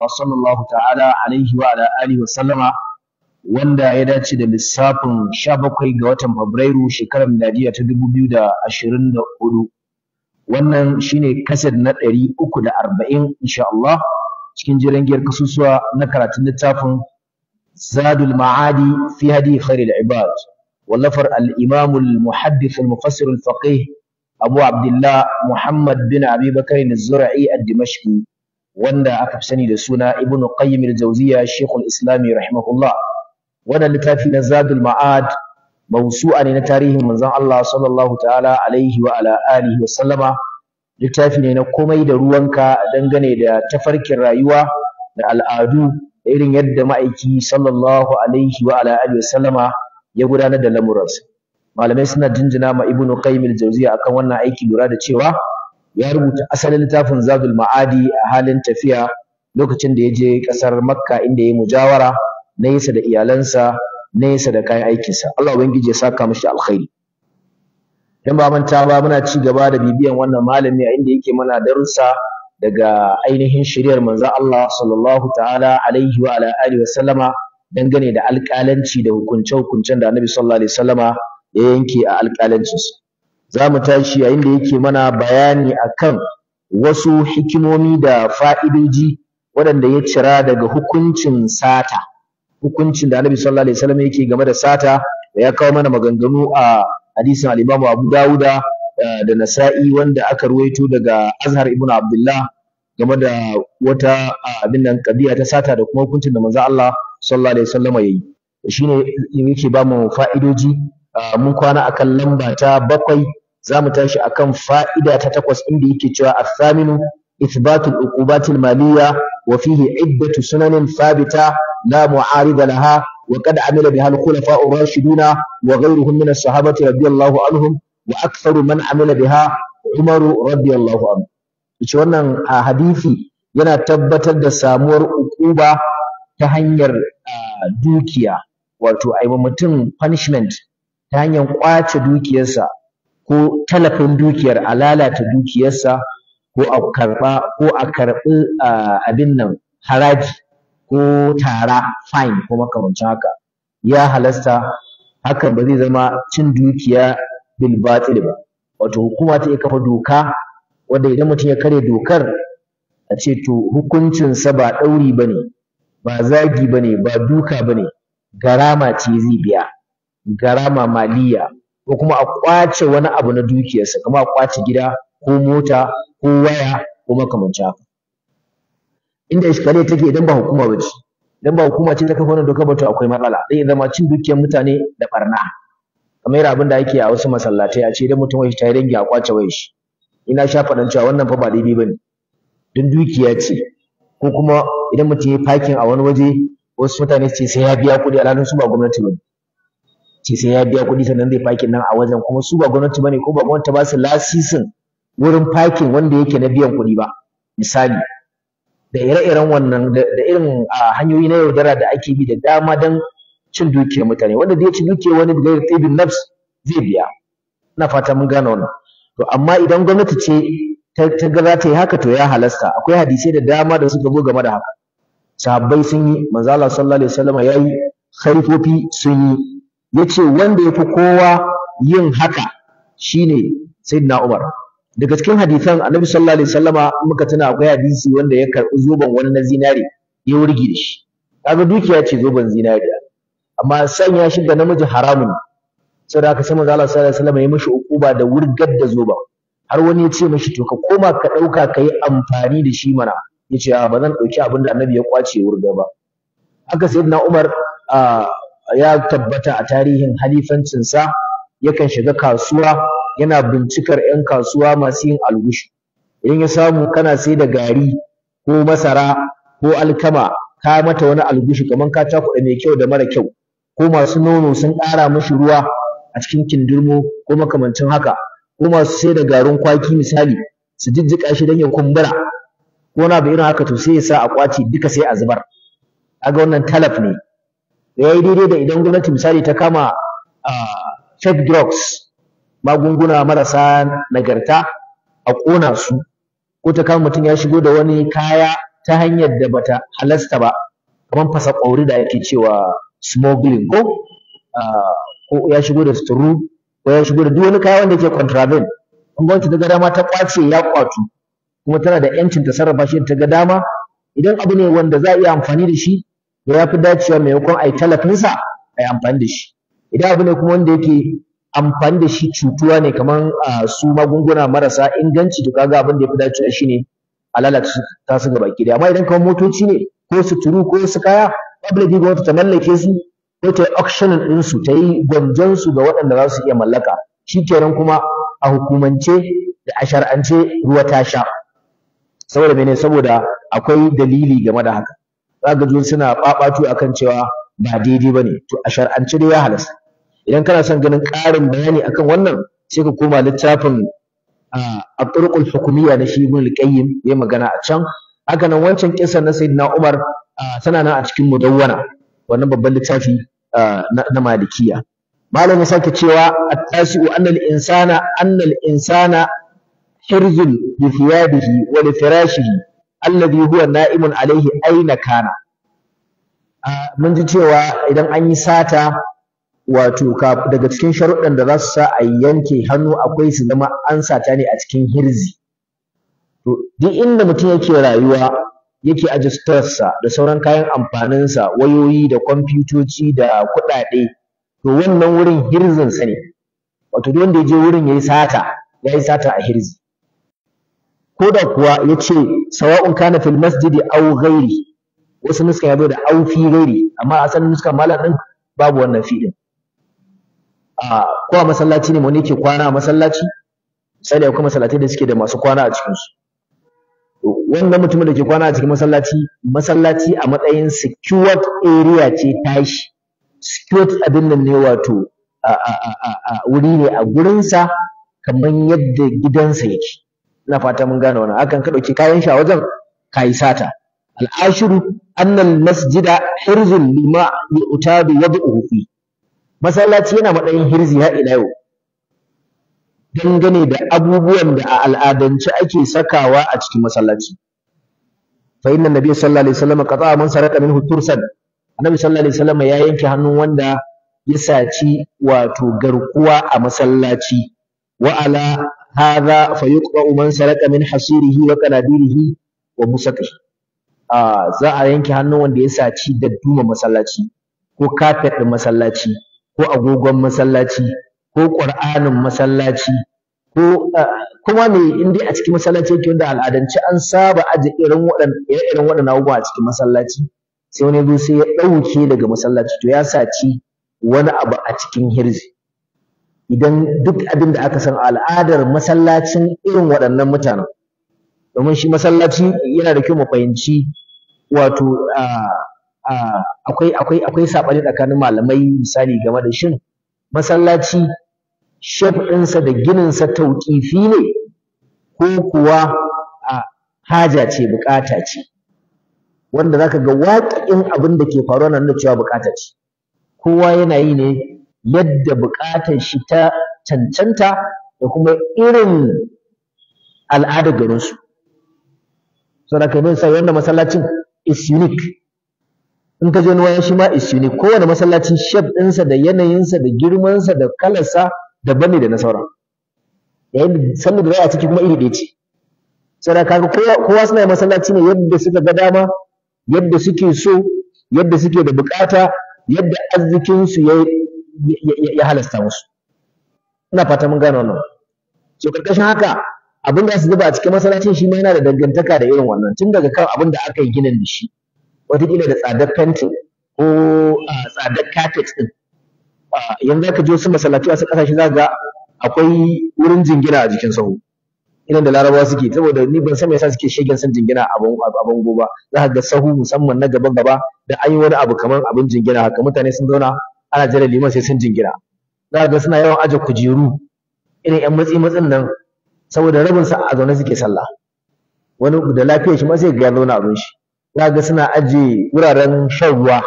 wa sallallahu ta'ala alaihi wa ala alihi wa sallama wanda ya dace da lissafin 17 ga watan Fabrairu shekarar miladiya ta 2024 wannan shine kased na 340 insha Allah cikin jirangiyar kasusuwa na karatun littafin Zadul Ma'adi fi hadi khairil ibad wallafar al-Imam al-Muhaddith al-Mufassir al-Faqih Abu Abdullah Muhammad bin Abi Bakr al-Zura'i ad-Dimashqi wanda aka sani da suna Ibn Qayyim al-Jawziyya Sheikhul Islam rahimahullah wannan littafi na Zadul Ma'ad mawsu'a ne na tarihin manzon Allah sallallahu ta'ala alaihi wa ala alihi wa sallama littafi ne na komai da ruwanka dangane da tafarkin rayuwa da al'adu da irin yadda ma'aiki sallallahu alaihi wa ala alihi wa sallama ya gudanar da lamuransa malamai suna jinjina ma Ibn Qayyim al-Jawziyya akan wannan aiki lura da cewa ya rubuta asalin littafin zadul ma'adi a halin tafiya lokacin da ya je ƙasar makka inda ya yi mujawara na yasa da iyalansa na yasa da kayan aikinsa allah ubangiji ya saka mashi alkhairi dan ba manta ba muna ci gaba da bibiyan wannan malami a inda yake mana darussa daga ainihin shiriyar manzo allah sallallahu ta'ala alaihi wa ala alihi wa sallama dangane da alƙalanci da hukunce-hukuncen da annabi sallallahu alaihi wa sallama ya yanke a alƙalancinsa za mu tashi yayin da yake mana bayani akan wasu hikimomi da fa'idoji waɗanda ya cira daga hukuncin sata hukuncin da annabi sallallahu alaihi wasallam yake game da sata da ya kawo mana maganganu a hadisin al-Imam Abu Dawuda eh, da Nasa'i wanda aka ruwaito daga Azhar ibn Abdullah game da wata abin nan kabiya ta sata da kuma hukuncin da manzo Allah sallallahu alaihi wasallam yayi shine yake ba mu fa'idoji eh, mun kwana akan lamba ta bakwai za mu tashi akan fa'ida ta takwas inda yake cewa athaminu ithbatul uqubatil maliyya wa fihi iddatu sunanin thabita la mu'arida laha wa qad amila biha al-khulafa rashiduna wa ghayruhum min as-sahabati radiyallahu anhum wa aktharu man amila biha Umar radiyallahu anhu yace wannan hadisi yana tabbatar da samuwar uquba ta hanyar dukiya wato ai mutum punishment ta hanyar kwace dukiyarsa ko talafin dukiyar a lalata dukiyarsa ko a karɓa ko a karɓi abin nan haraji ko tara fine ko makamancin haka ya halasta hakan ba zai zama cin dukiya bil batil ba wato hukuma ta iya kafa doka wanda idan mutum ya karya dokar a ce to hukuncinsa ba ɗauri ba ne ba zagi ba ne ba duka ba ne garama ce zai biya garama maliya ko kuma a kwace wani abu na dukiyarsa kamar a kwace gida ko mota ko waya ko makamanci haka inda iskaliya take idan ba hukuma ba ce idan ba hukuma ce ta kafa wannan doka ba to akwai matsala zai zama cin dukiyar mutane da barna kamar abin da ake a wasu masallatai a ce idan mutum wai ta dangi a kwace wai shi ina sha faɗan cewa wannan fa ba daidai ba ne don dukiya ce ko kuma idan mutum ya yi fakin a wani waje wasu mutane ce sai ya biya kuɗi alhalin su ba gwamnati ba ne ce sai ya biya kuɗi sannan zai fakin nan a wajen kuma su ba gwamnati bane ko ba gwamnati ba su lasisin wurin fakin wanda yake na biyan kuɗi ba misali da ire-iren wannan da irin hanyoyi na yaudara da ake bi da dama don cin dukiyar mutane wanda zai ci dukiyar wani da gairi tsibin nafs zai biya ina fata mun gane wannan to amma idan gwamnati ce ta ga za ta yi haka to ya halasta akwai hadisai da dama da suka zo game da haka sahabbai sun yi manzo Allah sallallahu alaihi wasallam yayi khalifofi sun yi yace wanda yafi kowa yin haka shine sayyidina Umar daga cikin hadisan Annabi sallallahu alaihi wasallama muka tuna akwai hadisi wanda ya karbi zoben wani na zinare ya wurgi da kaga dukiya ce zoben zinare amma sanya shi ga namiji haramun da ka sai manzo Allah sallallahu alaihi wasallama ya mishi ukuba da wurgar da zoben har wani ya ce mishi to ka koma ka dauka kai amfani da shi mana yace a ba zan dauki abin da Annabi ya kwace wurga ba haka sayyidina Umar ah, ya tabbata a tarihin halifancinsa yakan shiga kasuwa yana bincikar 'yan kasuwa masu yin algushi idan ya samu kana sai da gari ko masara ko alkama ka mata wani algushi kamar ka cakuɗa mai kyau da mara kyau ko masu nono sun ƙara mashi ruwa a cikin kindirmo ko makamancin haka ko masu sai da garin kwaki misali su jijjiƙa shi don ya kumbura ko na abu irin haka to sai ya sa a ƙwace duka sai a zubar kaga wannan talaf ne ya yi daidai da idan gwamnati misali ta kama fake drugs magunguna marasa nagarta a ƙona su ko ta kama mutum ya shigo da wani kaya ta hanyar da bata halasta ba kamar fasa ƙwauri da ake cewa smuggling ko ko ya shigo da suturu ko ya shigo da duk wani kaya wanda yake contraband gwamnati ta ga dama ta ƙwace ya ƙwatu kuma tana da 'yancin ta sarrafa shi ta ga dama idan abu ne wanda za a iya amfani da shi ya fi dacewa maimakon a yi talafinsa a yi amfani da shi idan abu ne kuma wanda yake amfani da shi cutuwa ne kamar su magunguna marasa inganci to kaga abin da ya fi dacewa shi ne a lalata ta su gaba ki amma idan kamar motoci ne ko su turu ko su kaya babu da gwamnati ta mallake su ko ta yi auctioning ɗinsu ta yi gwanjonsu ga waɗanda za su iya mallaka shi kenan kuma a hukumance da a shar'ance ruwa ta sha saboda mene saboda akwai dalili game da haka zaka ji suna babatu akan cewa ba daidai bane to a shar'ance dai ya halasta idan kana son ganin ƙarin bayani akan wannan sai ka koma littafin at-turuqul hukumiyya na shi ibn al-qayyim ya magana a can haka nan wancan kisan na sayyidina umar tana nan a cikin mudawwana wannan babban littafi na malikiya Malamin sake cewa at-tasi'u anna al-insana anna al-insana hirzun bi thiyabihi wa li firashihi alladhi huwa na'imun Alayhi aina kana mun ji cewa idan an yi sata wato daga cikin sharuɗan da za su sa a yanke hannu akwai su zama an sata ne a cikin hirzi to duk inda mutum yake rayuwa yake aje sa da sauran kayan amfanin sa, wayoyi da kwamfutoci da kuɗaɗe to wannan wurin hirzinsa ne wato duk wanda ya je wurin ya yi sata ya yi sata a hirzi ko da kuwa ya ce sawa'un kana fil masjidi aw ghairi wasu nuskan ya da aw fi ghairi amma asalin nuskan malam din babu wannan fi din a ko a masallaci ne wani ke kwana a masallaci misali akwai masallatai da suke da masu kwana a cikin su wannan mutumin da ke kwana a cikin masallaci masallaci a matsayin secured area ce tashi secured abin nan ne wato a wuri ne a gurinsa kamar yadda gidansa yake ina fata mun gane wannan akan ka dauki kayan shi a wajen kai sata al'ashiru al masjida hirzun lima utabi wad'uhu fi masallaci yana madayin hirzi har ila yau dangane da abubuwan da a al'adance ake sakawa a cikin masallaci fa inna nabiy sallallahu alaihi wasallam qata'a man saraka minhu tursan annabi sallallahu alaihi wasallam ya yanke hannun wanda ya saci wato garkuwa a masallaci wa ala hadha fa yuqba'u man saraka min hasirihi wa qanadirihi wa musaqi a za a yanke hannu wanda ya saci da duma masallaci ko kafet masallaci ko agogon masallaci ko qur'anin masallaci ko kuma me in dai a cikin masallaci yake wanda al'adance an saba aje irin waɗannan irin waɗannan abubuwa a cikin masallaci sai wani ya ɗauke daga masallaci to ya saci wani abu a cikin hirzi idan duk abin da aka san al'adar masallacin irin waɗannan mutanen domin shi masallaci yana da kyau mu fahimci wato akwai akwai akwai saɓani tsakanin malamai misali game da shin masallaci shaf ɗinsa da gininsa tauƙifi ne ko kuwa a haja ce buƙata ce wanda zaka ga waƙiƙin abin da ke faruwa na nuna cewa buƙata ce kowa yana yi ne yadda buƙatar shi ta cancanta da kuma irin al'adar garinsu saboda kai sai wanda masallacin is unique in ka je wani shi ma is unique kowane masallaci shape ɗinsa da yanayinsa da girmansa da kalarsa daban ne da na sauran yayin da da za a ciki kuma iri ɗaya ce saboda kaga kowa suna masallaci ne yadda suka ga dama yadda suke so yadda suke da bukata yadda arzikinsu ya ya halasta musu ina fata mun gane wannan so karkashin haka abin da su zuba a cikin masallacin shi ma yana da dangantaka da irin wannan tun daga kan abin da aka yi ginin da shi wataƙila da tsadar fentin ko tsadar kafet ɗin yanzu ka je wasu masallaci wasu ƙasashe za ga akwai wurin jingina a jikin sahu irin da larabawa suke saboda ni ban san me yasa suke shegen san jingina a bango ba za ka ga sahu musamman na gaba gaba da an yi wani abu kamar abin jingina haka mutane sun zauna ana jira liman sai sun jingina za ga suna yawan aje kujeru irin yan matsi matsin nan saboda rabin sa a zaune suke sallah wani da lafiyar shi ma sai ga ya zauna abin shi za ga suna aje wuraren shan ruwa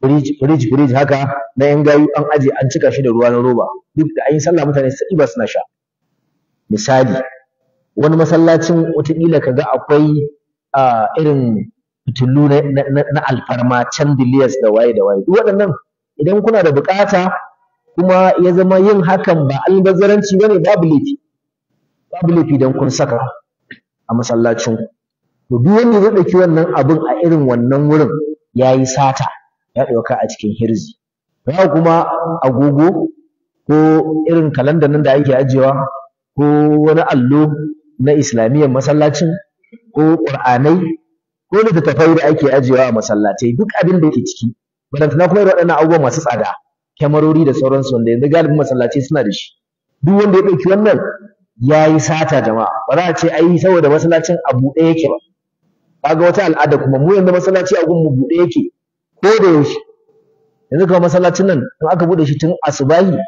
firij firij haka na yan gayu an aje an cika shi da ruwa na roba duk da an yi sallah mutane su ba suna sha misali wani masallacin wataƙila ka ga akwai irin fitilu na alfarma chandeliers da waye da waye duk waɗannan idan kuna da bukata kuma ya zama yin hakan ba albazaranci bane babu laifi babu laifi dan kun saka a masallacin to duk wanda ya dauki wannan abin a irin wannan wurin yayi sata ya dauka a cikin hirzi ba kuma agogo ko irin kalandar nan da ake ajewa ko wani allo na islamiyyar masallacin ko ƙur'anai ko littattafai da ake ajiyewa a masallatai duk abin da ke ciki Manan-tana kuma irin waɗannan abubuwa masu tsada kyamarori da sauransu wanda yanzu galibin masallaci suna da shi duk wanda ya ɗauki wannan ya yi sata jama'a ba za a ce ai saboda masallacin a buɗe yake ba kaga wata al'ada kuma mu yanzu masallaci a gunmu buɗe yake ko da yaushe yanzu kuma masallacin nan in aka buɗe shi tun asubahi to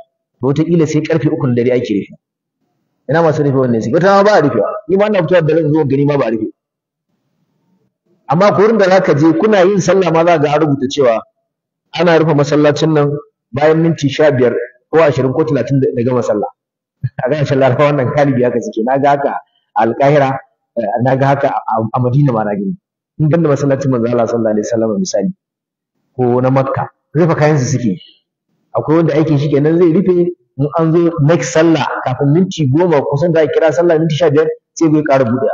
wataƙila sai ƙarfe uku na dare ake rufe ina masu rufe wannan sai wata ma ba a rufewa ni ma ina fitowa da ran zuwa gani ma ba a rufe amma ko da za ka je kuna yin sallah ma za ga an rubuta cewa ana rufe masallacin nan bayan minti sha biyar ko ashirin ko talatin da gama sallah a ga insha Allah wannan kalibi haka suke na ga haka a alƙahira eh, na ga haka a Madina ma na gani in ganda masallacin manzo Allah sallallahu alaihi wasallam misali ko na Makka rufe kayan su suke akwai wanda aikin shi kenan zai rufe in an zo next sallah kafin minti goma kusan da kira sallah minti sha biyar sai zai ƙara buɗe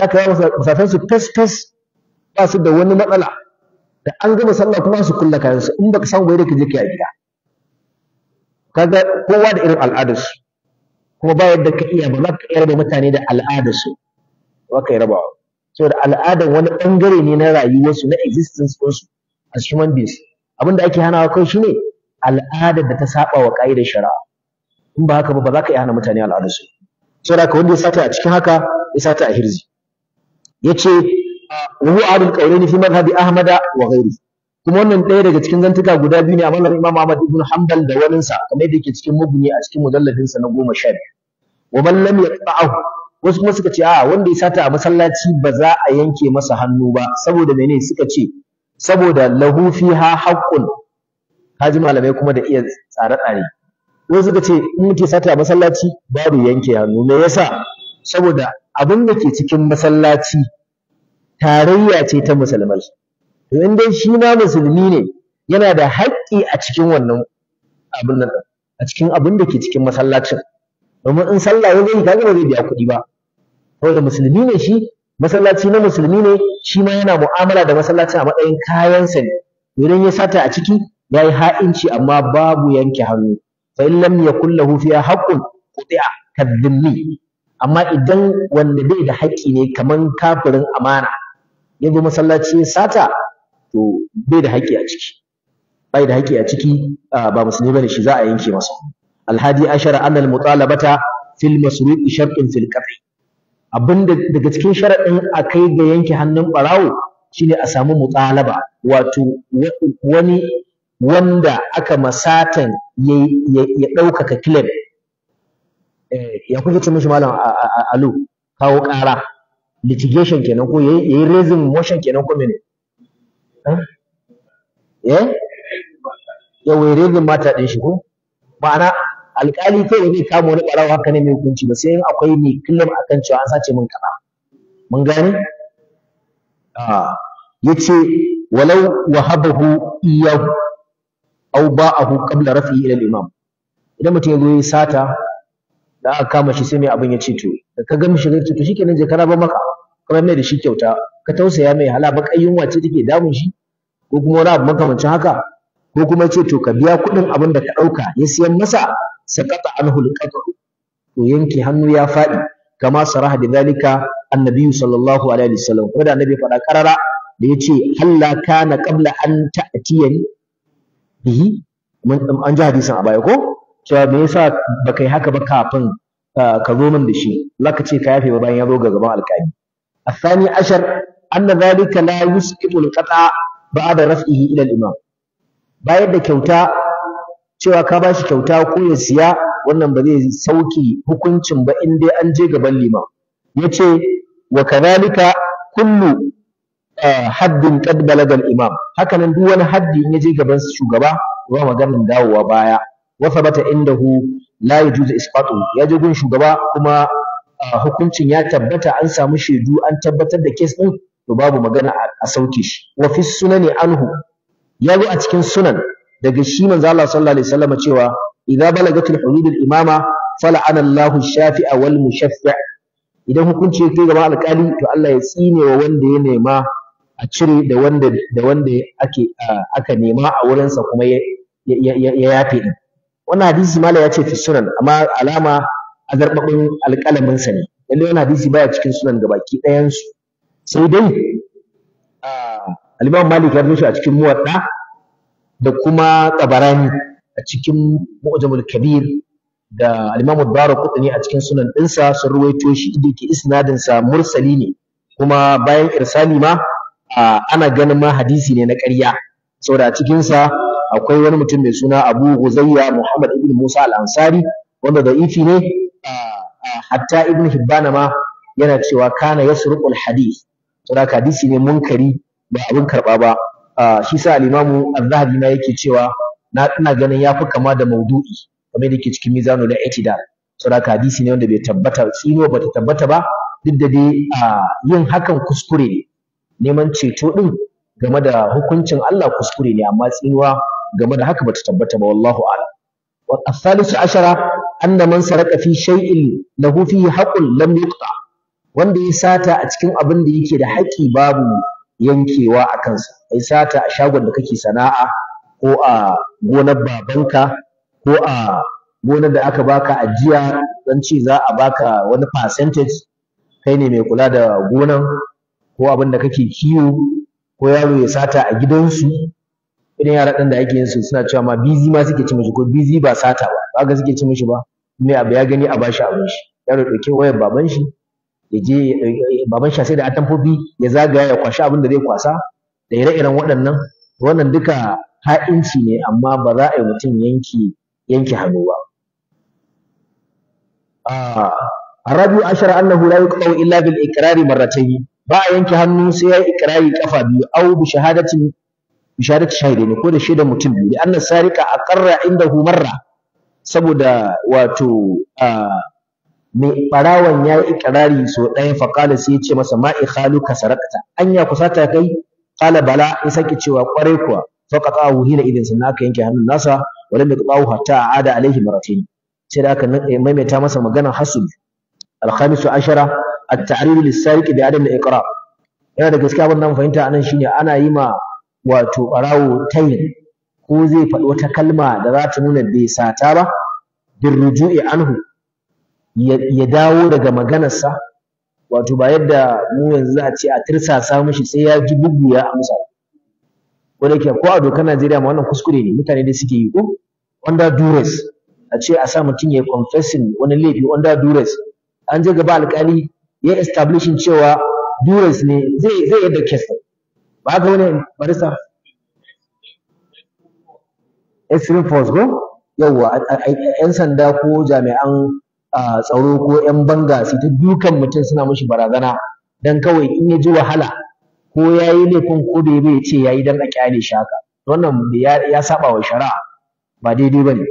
za ka yi musafin su fes fes ba su da wani matsala da an gama sallah kuma su kulla kayan su in baka samu bai da ka je ka yi gida kaga kowa da irin al'adar su kuma ba yadda ka iya ba za ka iya raba mutane da al'adar su ba ka yi rabawa saboda al'adar wani bangare ne na rayuwarsu na existence su as human beings abin da ake hanawa kai shine al'adar da ta saba wa da shari'a in ba haka ba ba za ka iya hana mutane su. saboda ka wanda ya sata a cikin haka ya sata a hirzi ya ce wa Adil adul qawlaini fi madhhabi ahmad wa kuma wannan ɗaya daga cikin zantuka guda biyu ne a mallar imam ahmad ibn hanbal da waninsa kamar yadda yake cikin mubni a cikin mujalladin sa na goma sha biyu wa man lam yaqta'ahu wasu kuma suka ce a wanda ya sata a masallaci ba za a yanke masa hannu ba saboda menene suka ce saboda lahu fiha haqqun haji malamai kuma da iya tsare tsare wasu suka ce in muke sata a masallaci babu yanke hannu me yasa saboda abin da ke cikin masallaci tarayya ce ta musulmai to in dai shi ma musulmi ne yana da haƙƙi a cikin wannan abin nan a cikin abin da ke cikin masallacin domin in sallah ya zai kaga zai biya kuɗi ba da musulmi ne shi masallaci na musulmi ne shi ma yana mu'amala da masallacin a matsayin kayansa ne idan ya sata a ciki ya yi ha'inci amma babu yanke hannu fa in lam yakul lahu fiha haqqun quti'a kadhimmi amma idan wanda bai da haƙƙi ne kaman kafirin amana ya zo masallaci ya sata to bai da haƙƙi a ciki bai da haƙƙi a ciki ba musulmi bane shi za a yanke masa alhadi ashara anna mutalabata fil masruq shartun fil qatl abinda daga cikin sharadin akai ga yanke hannun barawo shine a samu mutalaba wato wani wanda aka masatan ya ɗaukaka kilem eh, ya kuke ce mishi malam alu kawo ƙara litigation kenan ko yayi raising motion kenan ko mene eh wai eh? raising mata din shi ko ma'ana alƙali sai da zai kama wani ɓarawo haka ne mai hukunci ba sai akwai ne kullum akan cewa an sace min kaza mun gane ah, yace walau wahabahu iyahu aw ba'ahu qabla rafi'i ila al-imam idan mutum ya zo ya sata da aka kama shi sai mai abin ya ce to da ka ga mishi ce to kenan je kana ba maka kamar mai da shi kyauta ka tausaya mai hala kai yunwa ce take damun shi ko kuma wani abu makamancin haka ko kuma ce to ka biya kuɗin abin da ka ɗauka ya siyan masa sakata an alqatru to yanke hannu ya faɗi kama saraha da zalika annabi sallallahu alaihi wasallam da annabi faɗa karara da yace halla kana qabla an ta'tiyani bihi an ji hadisin a baya ko cewa me yasa baka yi haka ba kafin ah, ka zo min da shi laka ce ka yafe ba bayan ya zo ga gaban alƙali ashar anna zalika la yusqitu alqata ba'da rafihi ila al imam bayar da kyauta cewa ka bashi kyauta ko ya siya wannan ba zai sauki hukuncin ba in dai an je gaban lima yace wa kadhalika kullu ah, haddin qad balaga al-imam hakanan duk wani haddi in ya je gaban shugaba ba maganar dawowa baya wa thabata indahu la yajuzu isqatu ya ji gun shugaba kuma hukuncin ya tabbata an samu shaidu an tabbatar da case din to babu magana a sauke shi wa fi sunani anhu ya zo a cikin sunan daga shi manzo Allah sallallahu alaihi wasallam cewa idza balagatul hudud al imama fala'ana Allahu shafi'a wal mushaffi' idan hukunci ya kai gaba alƙali to Allah ya tsine wa wanda ya nema a cire da wanda da wanda ake aka nema a wurinsa kuma ya yafe din wannan hadisi mala ya ce fi sunan amma alama a zarbaɓin alƙalamin sa ne lalle wannan hadisi baya cikin sunan ga ɗayan su sai dai al-Imam Malik ya rubuta a cikin muwadda da kuma Tabarani a cikin Mu'jamul Kabir da al-Imam Ad-Darqutni a cikin sunan ɗinsa sun ruwaito shi Inda ke isnadin sa mursali ne kuma bayan irsali ma ana ganin ma hadisi ne na ƙarya saboda a cikin sa akwai wani mutum mai suna Abu Huzayya Muhammad ibn Musa al-Ansari wanda da ifi ne hatta ibn Hibban ma yana cewa kana yasruqul hadith to da hadisi ne munkari ba abin karba ba shi sa al-Imam Az-Zahabi ma yake cewa na ina ganin yafi kama da maudu'i kamar yake cikin da i'tidal to da hadisi ne wanda bai tabbata tsino bata tabbata ba duk da dai yin hakan kuskure ne neman ceto din game da hukuncin Allah kuskure ne amma tsinuwa game da haka bata tabbata ba wallahu a'lam wa as-salisu ashara anna man saraka fi shay'in lahu fihi haqqun lam yuqta wanda ya sata a cikin abin da yake da haƙi babu yankewa a kansa ai sata a shagon da kake sana'a ko a gonar babanka ko a gonar da aka baka ajiya don ce za a baka wani percentage kai ne mai kula da gonan ko abin da kake kiwo ko yaro ya sata a gidansu irin yara ɗan da ake yin su suna cewa ma bizi ma suke ci mishi ko bizi ba sata ba ba ga suke ci mishi ba me abu ya gani a bashi abin shi yaro ɗauke wayar baban shi ya je eh, baban shi sai da atamfofi ya zagaya ya kwashi abin da zai kwasa da ire-iren waɗannan wannan duka ha'inci ne amma ba za a yi mutum yanki yanke hannu ba A ah, Rabi'u ashara annahu la yuqta'u illa bil ikrari marratayn ba a yanke hannu sai ya ikrari kafa biyu au bi shahadatin bisharat shahidi ne ko da da mutum biyu da annas sarika aqarra hu marra saboda wato mai barawan yayi ikrari so ɗaya fa qala sai ya ce masa ma ikhaluka sarakta anya kusata kai qala bala ya saki cewa kwarai kuwa fa qata'ahu hina idin sannan aka yanke hannun nasa walam yaqta'ahu hatta aada alaihi maratayn sai da aka maimaita masa maganar hasul al-khamis ashara at-ta'rif da sariq bi adam al yana da gaskiya wannan fahimta anan shine ana yi ma wato ɓarawo tayin ko zai faɗi wata kalma da za ta nuna bai sata ba ruju'i anhu ya dawo daga maganarsa wato ba yadda mu yanzu za a ce a tirsasa mishi sai ya ji bugu ya amsa ko da ko a dokar Najeriya ma wannan kuskure ne mutane da suke yi ko under duress a ce a sa mutum ya confessing wani laifi under duress an je gaba alƙali ya establishing cewa duress ne zai zai yadda case ba ga wani barisa extreme force ko yawwa yan sanda ko jami'an tsaro ko yan banga su ta dukan mutum suna mashi barazana dan kawai in ya ji wahala ko ya yi laifin ko da ya ce ya yi dan a kyale shi haka wannan ya saba wa shari'a ba daidai ba ne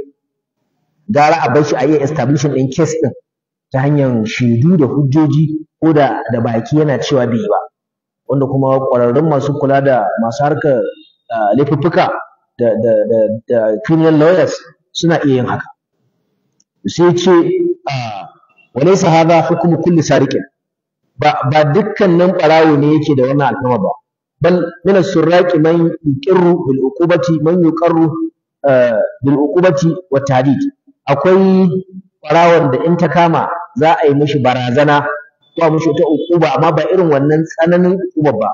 gara a bar shi a yi establishing ɗin case ɗin ta hanyar shaidu da hujjoji ko da baki yana cewa bai yi ba wanda kuma ƙwararrun masu kula da masu harkar laifuffuka da, da, criminal lawyers suna iya yin haka sai ce walaisa hadha hukumu kulli sariqin ba ba dukkanin barawo ne yake da wannan alfama ba bal min as-suraqi man yuqirru bil uqubati man yuqarru bil uqubati wa akwai barawon da in ta kama za a yi mishi barazana ya mushi ta uquba amma ba irin wannan tsananin ukuba ba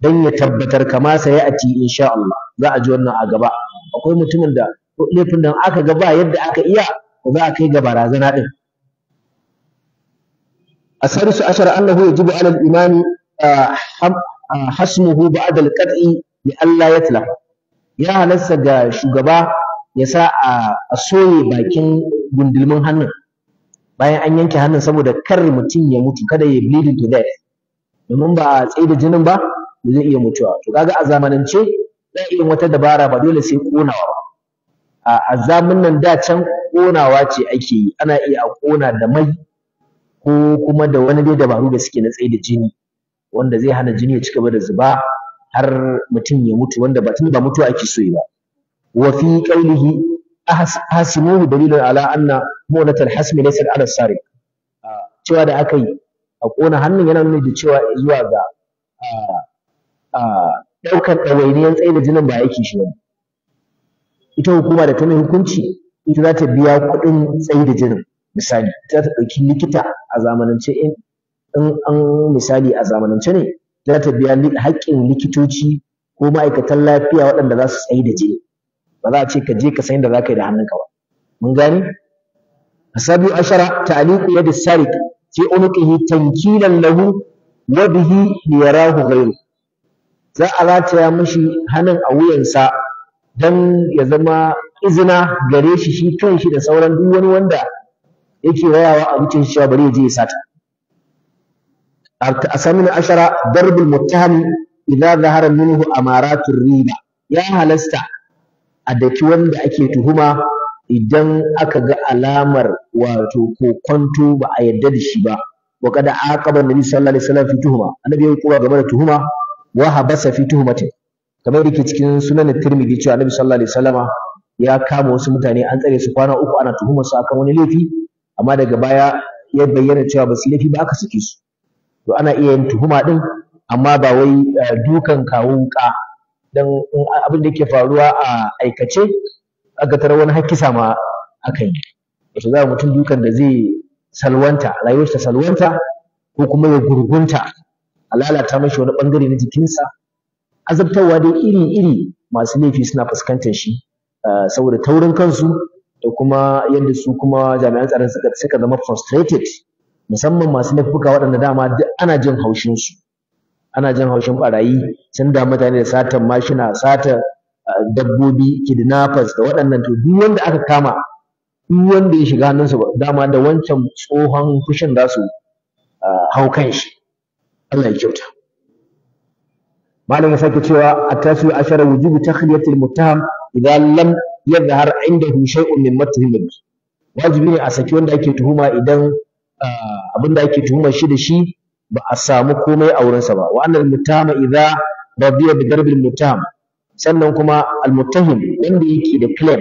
dan ya tabbatar kama sai ya ati insha Allah za a ji wannan a gaba akwai mutumin da laifin nan aka ga ba yadda aka iya za a kai ga barazana din الثالث عشر ya ji على الإمام حسمه بعد القطع لئلا Allah ya halarsa ga shugaba ya sa a soye bakin gundulmin hannun bayan an yanke hannun saboda kar mutum ya mutu kada ya bleeding to death domin ba a tsaida jinin ba zai iya mutuwa to kaga a zamanance za iya wata dabara ba dole sai konawa a zamun nan da can konawa ce ake yi ana iya a kona da mai ko kuma da wani dai dabaru da suke na tsaida jini wanda zai hana jini ya cigaba da zuba har mutum ya mutu wanda ba tun ba mutuwa ake so yi ba wa fi hasimuhu dalilun ala anna mu'natul hasmi laysa ala sari cewa da aka yi a kona hannun yana nuna da cewa zuwa ga ɗaukar ɗawainiyan tsaye da jinin ba aiki shi ne ita hukuma da ta mai hukunci ita za ta biya kuɗin tsaye da jinin misali ita za ta ɗauki likita a zamanance in an misali a zamanance ne za ta biya haƙƙin likitoci ko ma'aikatan lafiya waɗanda za su tsaye da jini ba za a ce ka je ka san yadda za ka yi da hannunka ba mun gani asabi ashara ta'liqu yadi sariq ce unuqihi tankilan lahu wa bihi liyarahu ghayru za a rataya mishi hannun a wuyansa dan ya zama izina gare shi shi kanshi da sauran duk wani wanda yake wayawa a wucin shi bari ya je ya sata asamin ashara darbul muttahami idza zahara minhu amaratur riba ya halasta a daki wanda ake tuhuma idan aka ga alamar wato ko kwanto ba a yarda da shi ba wa kada aqaba nabi sallallahu alaihi wasallam fi tuhuma annabi ya kuwa game da tuhuma wa habasa fi tuhumati kamar yake cikin sunan tirmidhi cewa nabi sallallahu alaihi wasallama ya kama wasu mutane an tsare su kwana uku ana tuhumar su akan wani laifi amma daga baya ya bayyana cewa ba su laifi ba aka sake su to ana iya yin tuhuma din amma ba wai eh, dukan kawun ka dan abin da yake faruwa a aikace a tarar wani har sama ma yi wato za mutum dukan da zai salwanta rayuwarsa salwanta ko kuma ya gurgunta a lalata mashi wani bangare na jikinsa azabtarwa dai iri-iri masu laifi suna fuskantar shi eh, saboda taurin kansu da kuma yadda su kuma jami'an tsaron suka zama frustrated musamman masu laifuka waɗanda dama duk ana jin haushinsu ana jin haushin barayi sun da mutane da satan mashina satan ah, dabbobi kidnappers da waɗannan to duk wanda aka kama duk wanda ya shiga hannunsa ba dama da wancan tsohon fushin za su ah, hau kan shi Allah ya kyauta malamin sake cewa a tasiu ashara wujubu takhliyatil mutaham idan lam yadhhar indahu shay'un min tuhima wajibi ne a saki wanda ake tuhuma idan ah, abin da ake tuhumar shi da shi ba a samu komai a wurinsa ba wa annal mutama idza radiya bi darbil mutam sannan kuma al mutahim wanda yake da claim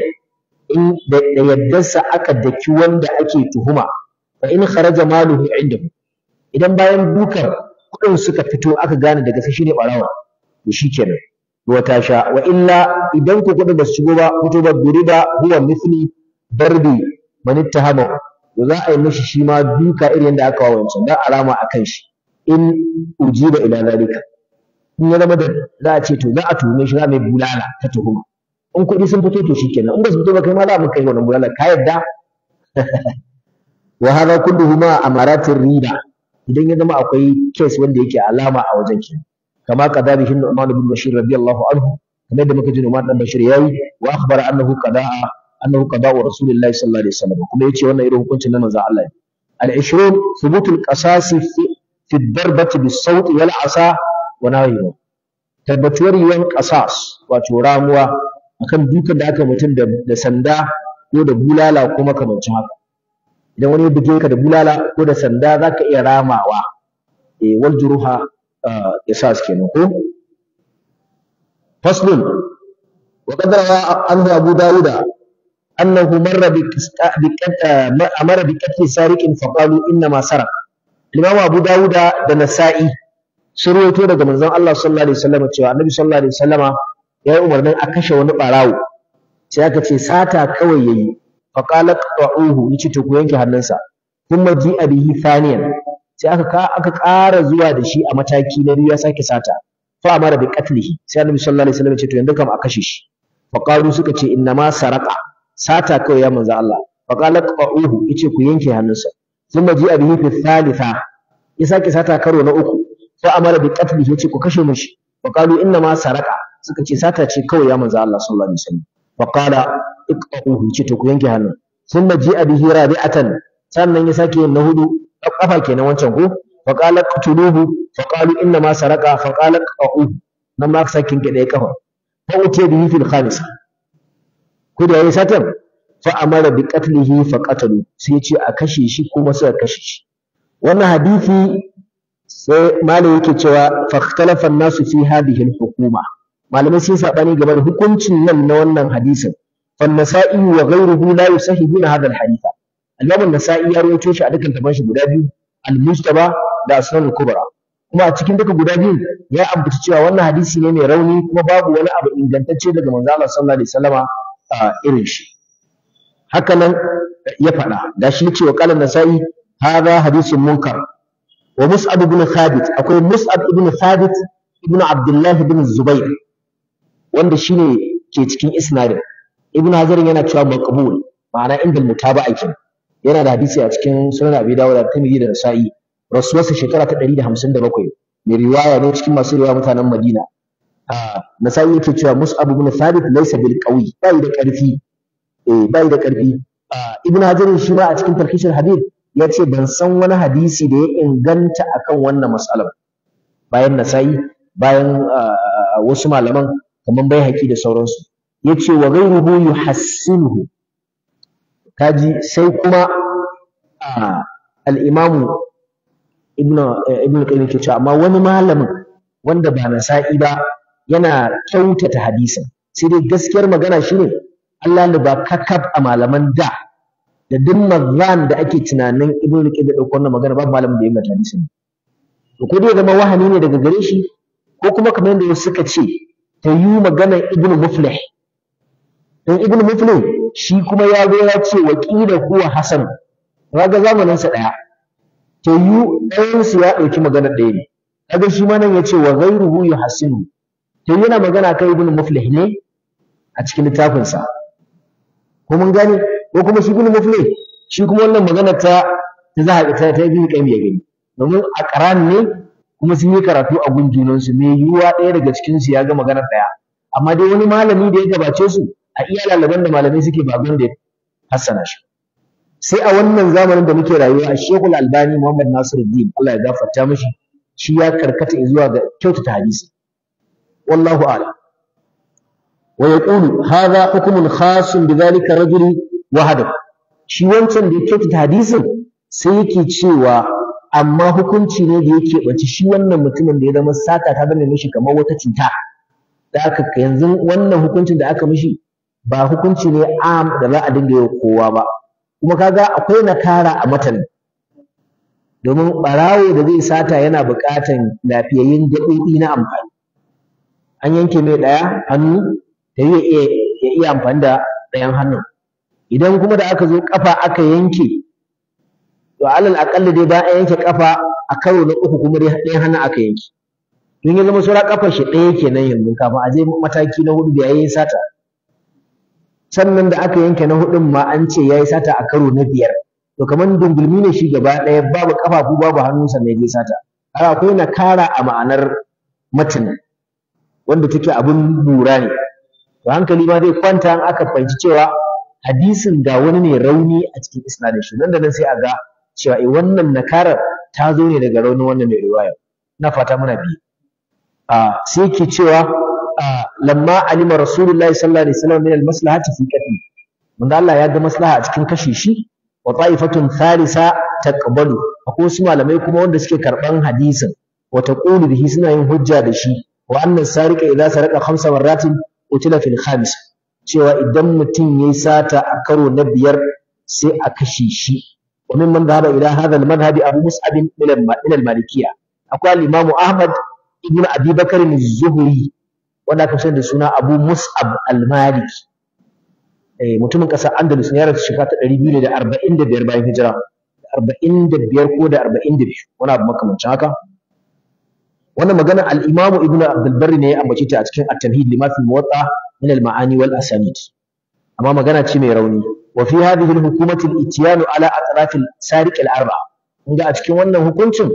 in da yaddarsa aka daki wanda ake tuhuma fa in kharaja maluhu indahu idan bayan dukar kudin suka fito aka gane daga sai shine barawa to shikenan ruwa ta sha wa illa idan ku kudin ba su shigo ba fito ba ba huwa mithli darbi man ittahama to za a yi mishi shi ma duka irin da aka wawance dan alama akan shi in ujiba ila zalika in ya zama da za a ce to za a tume shi za mai bulala ta tuhuma in kuɗi sun fito to shikenan in ba su fito ba kai ma za mu kai wannan bulala ka yadda wa hada kulluhuma amaratir rida idan ya zama akwai case wanda yake alama a wajen ki kama qada bihi Umar bin Bashir radiyallahu anhu kamar da muka ji Umar ibn Bashir yayi wa akhbara annahu qada'a annahu qada'u rasulullahi sallallahu alaihi wasallam kuma yace wannan irin hukuncin na manzon Allah ne al-20 thubutul qasasi fi fi darbati bi sawti wal asa wa nawihi tabbatuwar yiwan qasas wato ramuwa akan dukan da aka mutum da sanda ko da bulala ko makamancin haka idan wani buge ka da bulala ko da sanda zaka iya ramawa eh wal juruha qisas kenan ko faslun wa qad rawa an abu dauda annahu marra bi amara bi qatli sariqin faqalu inna ma saraka Imam Abu Dawuda da Nasa'i sun rawaito daga manzon Allah sallallahu alaihi wasallam cewa Annabi sallallahu alaihi wasallama ya yi umarnin a kashe wani barawo sai aka ce sata kawai yayi fa qala qata'uhu yace to ku yanke hannunsa kuma ji abihi thaniyan sai aka aka ƙara zuwa da shi a mataki na biyu ya sake sata fa amara bi qatlihi sai Annabi sallallahu alaihi wasallam ya ce to yanzu kam a kashe shi fa qalu suka ce inna ma saraka sata kawai ya manzon Allah fa qala qata'uhu yace ku yanke hannunsa thumma ji'a bihi fi Salisa, ya sake sata karo na uku mara amara bi qatlihi yace ku kashe shi wa qalu inna ma saraka suka ce sata ce kawai ya manzo Allah sallallahu alaihi wasallam fa qala iqta'uhu yace to ku yanke hannu. hannun thumma ji'a bihi rabi'atan sannan ya sake yin na hudu kafa kenan wancan ko fa qala qtuluhu fa qalu inna ma saraka fa qala iqta'uhu nan ma sakin yanke ya kafa fa utiya bihi fil khamisa ku da yayi satan fa amara bi qatlihi fa qatalu sai ya ce a kashe shi kuma suka kashe shi wannan hadisi sai malam yake cewa fa ikhtalafa an-nasu fi hadhihi al-hukuma malamai sun sabani game da hukuncin nan na wannan hadisin fa an-nasa'i wa ghayruhu la yusahihuna hadha al-hadith al-imam an-nasa'i ya rawaito shi a dukkan taban shi guda biyu al-mustaba da asnan al-kubra kuma a cikin duka guda biyu ya ambaci cewa wannan hadisi ne mai rauni kuma babu wani abu ingantacce daga manzo Allah sallallahu alaihi wasallama irin shi haka nan ya faɗa gashi ne cewa qala nasai hadha hadisin, munkar wa mus'ab ibn thabit akwai mus'ab ibn thabit ibn abdullah ibn zubair wanda shine ke cikin isnadin ibn hazarin yana cewa maqbul ma'ana inda mutaba'a kin yana da hadisi a cikin sunan abi dawud da tirmidhi da nasa'i rasuwarsa shekara ta 157 mai riwaya ne cikin masu riwaya mutanen madina ah, nasa'i yake cewa mus'ab ibn thabit laysa bil qawi bai da karfi Eh, bai da ƙarfi ibn hajar shi ma a cikin tarkishin hadith ya ce ban san wani hadisi da ya inganta akan wannan matsalar bayan nasa'i bayan wasu malaman kamar bai haƙi da sauransu ya ce wa gairuhu yuhassinuhu kaji sai kuma al-imamu ibn eh, qayyim ke cewa amma wani malamin wanda ba nasa'i ba yana kyautata hadisin sai dai gaskiyar magana shine Allah ni ba kakab a malaman da da duk mazan da ake tunanin ibn rike da dauko wannan magana babu malamin da ya mata hadisi to ko dai zama wahani ne daga gare shi ko kuma kamar yadda wasu suka ce ta yi magana ibn muflih dan ibn muflih shi kuma ya zo ya ce wa qila huwa hasan kaga zamanin sa daya ta yu ɗayan su ya ɗauki magana ɗaya ne kaga shi ma nan ya ce wa ghayruhu yuhasinu to yana magana kai ibn muflih ne a cikin littafinsa sa ko mun gane ko kuma shi mafi ne? shi kuma wannan magana ta ta za ta ta yi kai ya gani domin a ƙaran ne kuma sun yi karatu a gunjunan su mai yiwuwa ɗaya daga cikin su ya ga maganar ɗaya amma dai wani malami da ya gabace su a iya lalaban da malamai suke baban da hassana shi sai a wannan zamanin da muke rayuwa a shekul albani muhammad nasiruddin allah ya gafarta mashi, shi ya karkata zuwa ga kyautata hadisi wallahu a'lam ويقول هذا حكم خاص بذلك الرجل وحده shi wancan da ya kyautata hadisin sai yake cewa amma hukunci ne da ya keɓanci shi wannan mutumin da ya zama sata ta zama mishi kamar wata cuta da aka yanzu wannan hukuncin da aka mishi ba hukunci ne am da za a dinga yi kowa ba kuma kaga akwai nakara a matan domin barawo da zai sata yana buƙatan lafiyayyen gaɓoɓi na amfani an yanke mai ɗaya hannu ta iya ya iya amfani da ɗayan hannun idan kuma da aka zo kafa aka yanke to alal aƙalla dai bayan yanke kafa a karo na uku kuma ɗayan hannun aka yanke don ya zama saura kafar shi ɗaya kenan yanzu kafin a je mataki na hudu da ya sata sannan da aka yanke na hudun ma an ce ya sata a karo na biyar to kamar dungulmi ne shi gaba ɗaya babu kafafu babu hannu sannan ya sata har akwai na kara a ma'anar matin wanda take abin lura ne to hankali ma zai kwanta in aka fahimci cewa hadisin ga wani ne rauni a cikin isnadin shi nan da nan sai a ga cewa eh wannan nakarar ta zo ne daga raunin wannan mai riwaya ina fata muna bi a sai ke cewa lamma alima rasulullahi sallallahu alaihi wasallam min almaslahati fi kafi manzo Allah ya ga maslaha a cikin kashi shi wa ta'ifatun thalisa taqbalu akwai wasu malamai kuma wanda suke karban hadisin wa taqulu bihi suna yin hujja da shi wa annas sariqa idza saraqa khamsa marratin qutila fil khamis cewa idan mutum yayi sata a karo na biyar sai a kashe shi wa mimman dhahaba ila hadha al madhhab abu mus'ab akwai al ahmad ibn Abibakar bakr al zuhri wanda aka da suna abu mus'ab al maliki eh mutumin kasar andalus ne ya rasu shekara ta 245 bayan hijira ko da abu haka wannan magana al-Imam Ibn Abdul ne ya ambace ta a cikin At-Tamhid lima fi Muwatta min al-ma'ani wal asanid amma magana ce mai rauni wa fi hadhihi al-hukumati al-ityanu ala atraf al-sariq al-arba'a inda a cikin wannan hukuncin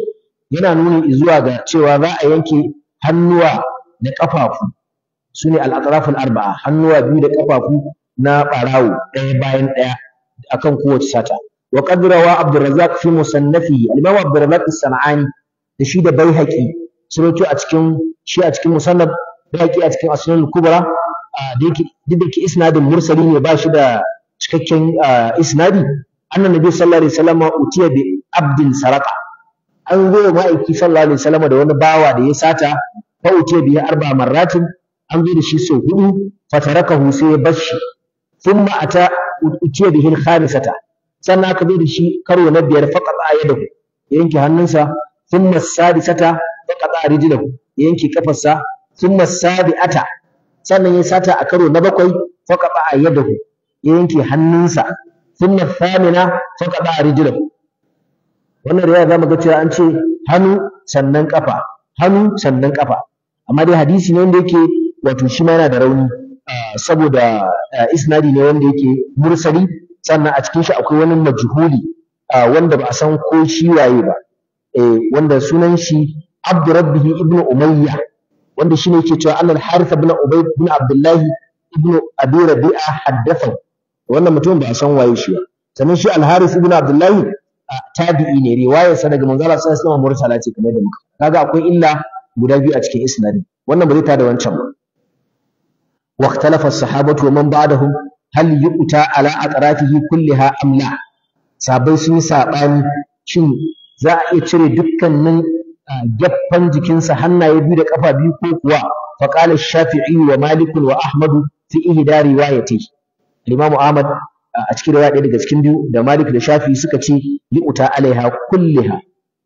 yana nuni zuwa ga cewa za a yanke hannuwa da kafafu sune al-atraf al-arba'a hannuwa biyu da kafafu na barawo ɗaya bayan ɗaya akan kowace sata wa qad rawa Abdurrazzaq fi musannafihi al-Imam Abdurrazzaq as da shi da Baihaqi surutu a cikin shi a cikin musannab baki a cikin asnan kubra duk da ke isnadin mursali ne ba shi da cikakken isnadi annan nabi sallallahu alaihi wasallam utiya bi abdin sarata an zo ma'aiki sallallahu alaihi wasallam da wani bawa da ya sata fa utiya bi arba marratin an zo da shi sau hudu fatarakahu sai ya bar shi thumma ata utiya bihi al-khamisata sannan aka zo da shi karo na biyar faqat ayadahu yanke hannunsa thumma sadisata qada rijilan yanki kafarsa thumma sabi'ata sannan ya sata a karo na bakwai fa qada yadahu yanki hannunsa thumma thamina fa qada wannan riwaya zamu ga cewa an ce hannu sannan kafa hannu sannan kafa amma dai hadisi ne wanda yake wato shi ma yana da rauni saboda isnadi ne wanda yake mursali sannan a cikin shi akwai wani majhuli wanda ba a san ko shi waye ba eh, wanda sunan shi abdu rabbihi ibnu umayya wanda shine yake cewa annal harith ibn ubay ibn abdullah ibn abi rabi'a haddathan wannan mutum ba a san waye shi ba sannan shi al harith ibn abdullah tabi'i ne riwayar sa daga manzala sallallahu alaihi wasallam mursala ce kamar da muka kaga akwai illa guda biyu a cikin isnadin wannan ba zai tada wancan ba واختلف الصحابة ومن بعدهم هل يؤتى ala أطرافه كلها أم لا sabai sun saɓani shin za a iya cire dukkanin gaffan jikinsa hannaye biyu da kafa biyu ko kuwa qala shafi'i wa malik wa ahmad fi ihdari riwayati al-imam ahmad a cikin riwaya daga cikin biyu da malik da shafi'i suka ce uta alaiha kulliha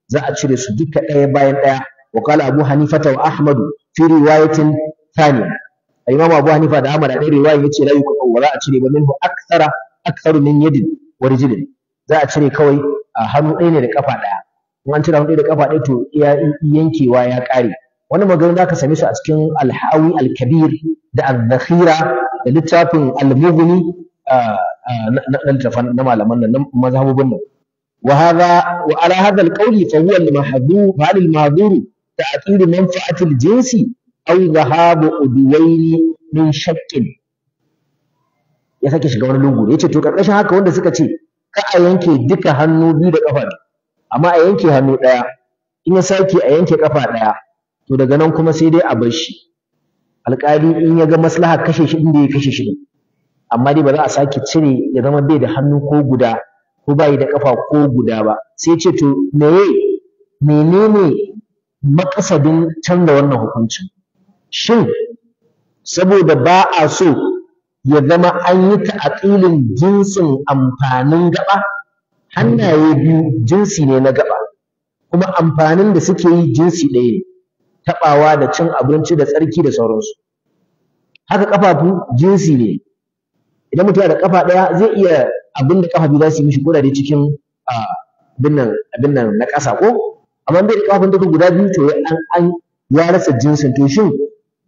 za a cire su duka ɗaya bayan ɗaya wa qala abu hanifata wa ahmad fi riwayatin thaniya imam abu hanifa da ahmad a ɗaya riwaya yace la yuqaw wa za a cire ba minhu akthara aktharu min yadin wa rijlin za a cire kawai a hannu ɗaya ne da kafa ɗaya in an cire hannu da kafa ɗaya to ya yankewa ya ƙare Wani magana da aka same su a cikin alhawi alkabir da al-zakhira da littafin al-mughni na malaman nan mazhabubin nan wa hadha wa ala hadha al-qawli fa huwa al-mahdhur hal al-mahdhur ta'til manfa'at al-jinsi aw dhahab udwayn min shakkin ya sake shiga wani lungu yace to karkashin haka wanda suka ce ka a yanke duka hannu biyu da kafa amma a yanke hannu ɗaya in ya sake a yanke ƙafa ɗaya to daga nan kuma sai dai a bar shi alƙali in ya ga maslaha kashe shi inda ya kashe shi amma dai ba za a sake cire ya zama bai da hannu ko guda ko bai da ƙafa ko guda ba sai ce to meye menene makasadin canza wannan hukuncin shin saboda ba a so ya zama an yi ta'aqilin jinsin amfanin gaba hannaye biyu jinsi ne na gaba kuma amfanin da suke yi jinsi ɗaya ne taɓawa da cin abinci da tsarki da sauransu haka ƙafafu jinsi ne idan mutum da ƙafa ɗaya zai iya abin da ƙafa biyu za su yi mishi ko cikin abin nan na ƙasa ko amma bai da ƙafafun guda biyu to an ya rasa jinsin to shin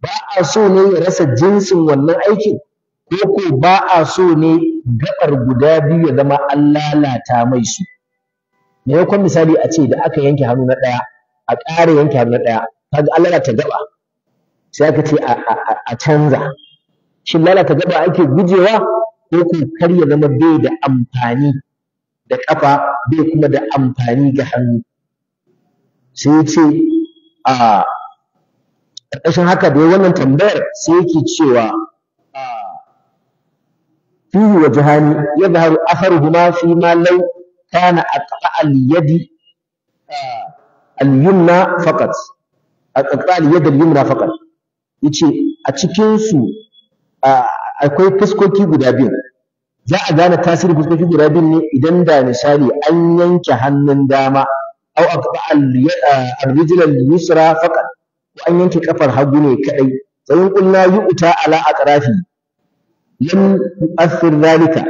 ba a so ne ya rasa jinsin wannan aikin ko ba a so ne gaɓar guda biyu ya zama an lalata mai su maimakon misali a ce da aka yanke hannu na ɗaya a ƙara yanke hannu na ɗaya kaga an lalata gaɓa sai aka ce a canza shin lalata gaɓa ake gujewa ko ko kar ya zama bai da amfani da ƙafa bai kuma da amfani ga hannu sai ya ce a ƙarƙashin haka da wannan tambayar sai yake cewa فيه وجهان يظهر أثرهما فيما لو كان أقطع اليد اليمنى فقط أقطع اليد اليمنى فقط yace a cikin akwai fuskoki guda biyu za a gane tasirin fuskoki guda biyu ne idan da misali an yanke hannun dama au aqta al-rijla al-yusra faqat an yanke ƙafar hagu ne kadai sayin kullu yu'ta ala aqrafi lam yu'athir dhalika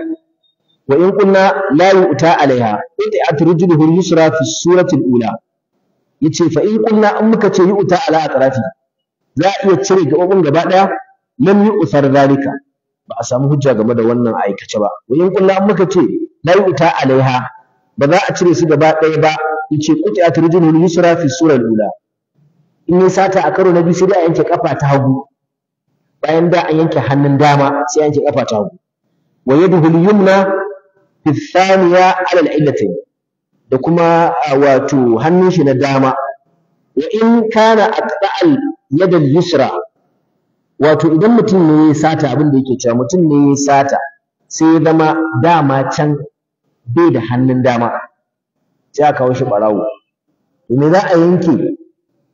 wa in qulna la yu'ta alaiha qit'at rijluhu al-yusra fi surati al-ula yace fa in qulna za a iya cire gababin gaba daya lam yu'thar ba a samu hujja game da wannan aikace ba wa in qulna an muka ce la yu'ta alaiha ba za a cire su gaba ba yace qit'at in yi sata a karo na biyu sai a yanke ƙafa ta hagu bayan da an yanke hannun dama sai an yanke kafa ta hagu wa yaduhu al-yumna fi thaniya ala al-illatayn da kuma wato hannun shi na dama wa in kana aqda'al yad al-yusra wato idan mutum ne ya sata abin da yake cewa mutum ne ya sata sai zama dama can bai da hannun dama sai aka kawo shi barawo me za a yanke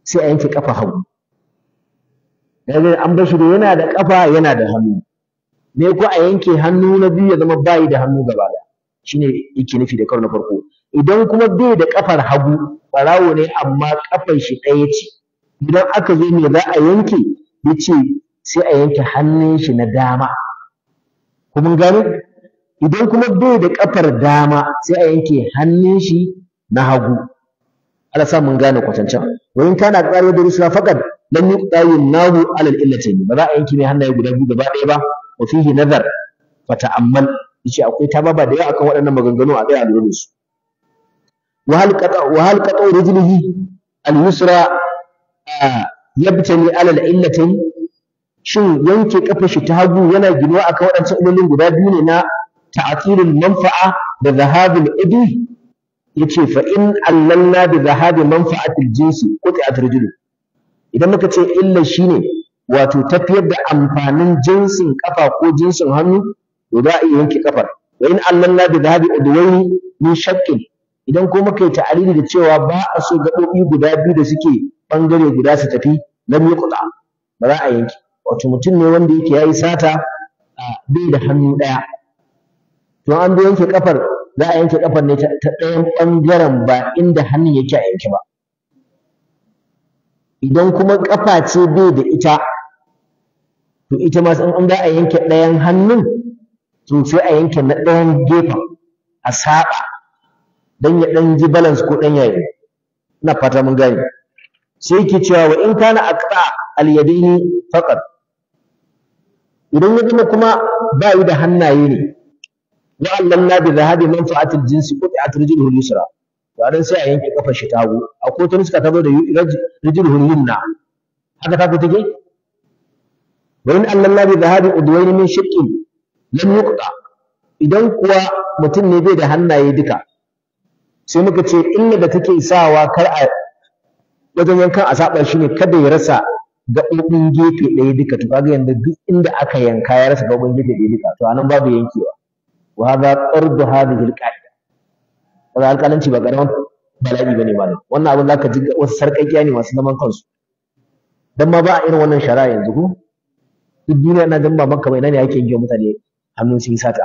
sai a yanke kafa hagu kaga an bar shi yana da kafa yana da hannu ne ko a yanke hannu na biyu ya zama bayi da hannu gaba da shine yake nufi da karo na farko idan kuma bai da kafar hagu barawo ne amma kafar shi ɗaya ce idan aka zo me za a yanke yace sai a yanke hannun shi na dama Ku mun gano idan kuma bai da kafar dama sai a yanke hannun shi na hagu Allah sa mun gane kwatancin wani kana qariya da rusula faqad lam yuqayin nahu illata illatayn ba za a yanke mai hannaye guda biyu gaba ɗaya ba wa fihi nazar fa ta'ammal yace akwai tababa da yawa akan waɗannan maganganu a ɗaya da su wa hal qata wa hal qata rijlihi al yusra yabtani ala shin wanke kafar ta hagu yana ginuwa akan waɗancan illolin guda biyu ne na ta'atilul manfa'a da zahabul ibi yace fa in allanna bi zahabi manfa'atil jinsi qati'at rijluhu idan muka ce illa shine wato tafiyar da amfanin jinsin kafa ko jinsin hannu to za a iya yanke kafar wa in la bi dhabi udwayni min shaqqin idan ko muka yi ta'ariri da cewa ba a so gaɓoɓi guda biyu da suke bangare guda su tafi lam yuqta ba za a yanke wato mutum ne wanda yake yayi sata a bai da hannu ɗaya to an bi yanke kafar za a yanke kafar ne ta ɗayan ɓangaren ba inda hannun yake a yanke ba idan kuma ƙafa ce bai da ita to ita ma in za a yanke ɗayan hannun to sai a yanke na ɗayan gefen a saɓa don ya ɗan ji balance ko ɗan yayi ina fata mun gane sai ke cewa wa in kana aqta al yadaini faqat idan ya zama kuma ba yi da hannaye ne wa'allan na bi zahabi manfa'atul jinsi qut'at rijluhu al-yusra to sai a yanke kafar shi tagu a ko ta nuska ta zo da rijil yumna haka ta ku take wa in allanna bi dhahabi udwayn min shirki lam yuqta idan kuwa mutum ne bai da hannaye duka sai muka ce illa da take sawa kar a wajen yankan a saban shi ne kada ya rasa gaɓoɓin gefe ɗaya duka to kaga yanda duk inda aka yanka ya rasa gaɓoɓin gefe ɗaya duka to anan babu yankewa wa hada qardu hadhihi alqa'ida kaga alƙalanci ba ƙaramin bala'i bane ba wannan abin zaka ji wasu sarƙaƙiya ne masu zaman kansu dan ma ba a irin wannan shari'a yanzu ko duk duniya na dan ba makka bai ne ake yanke mutane hannun sun sata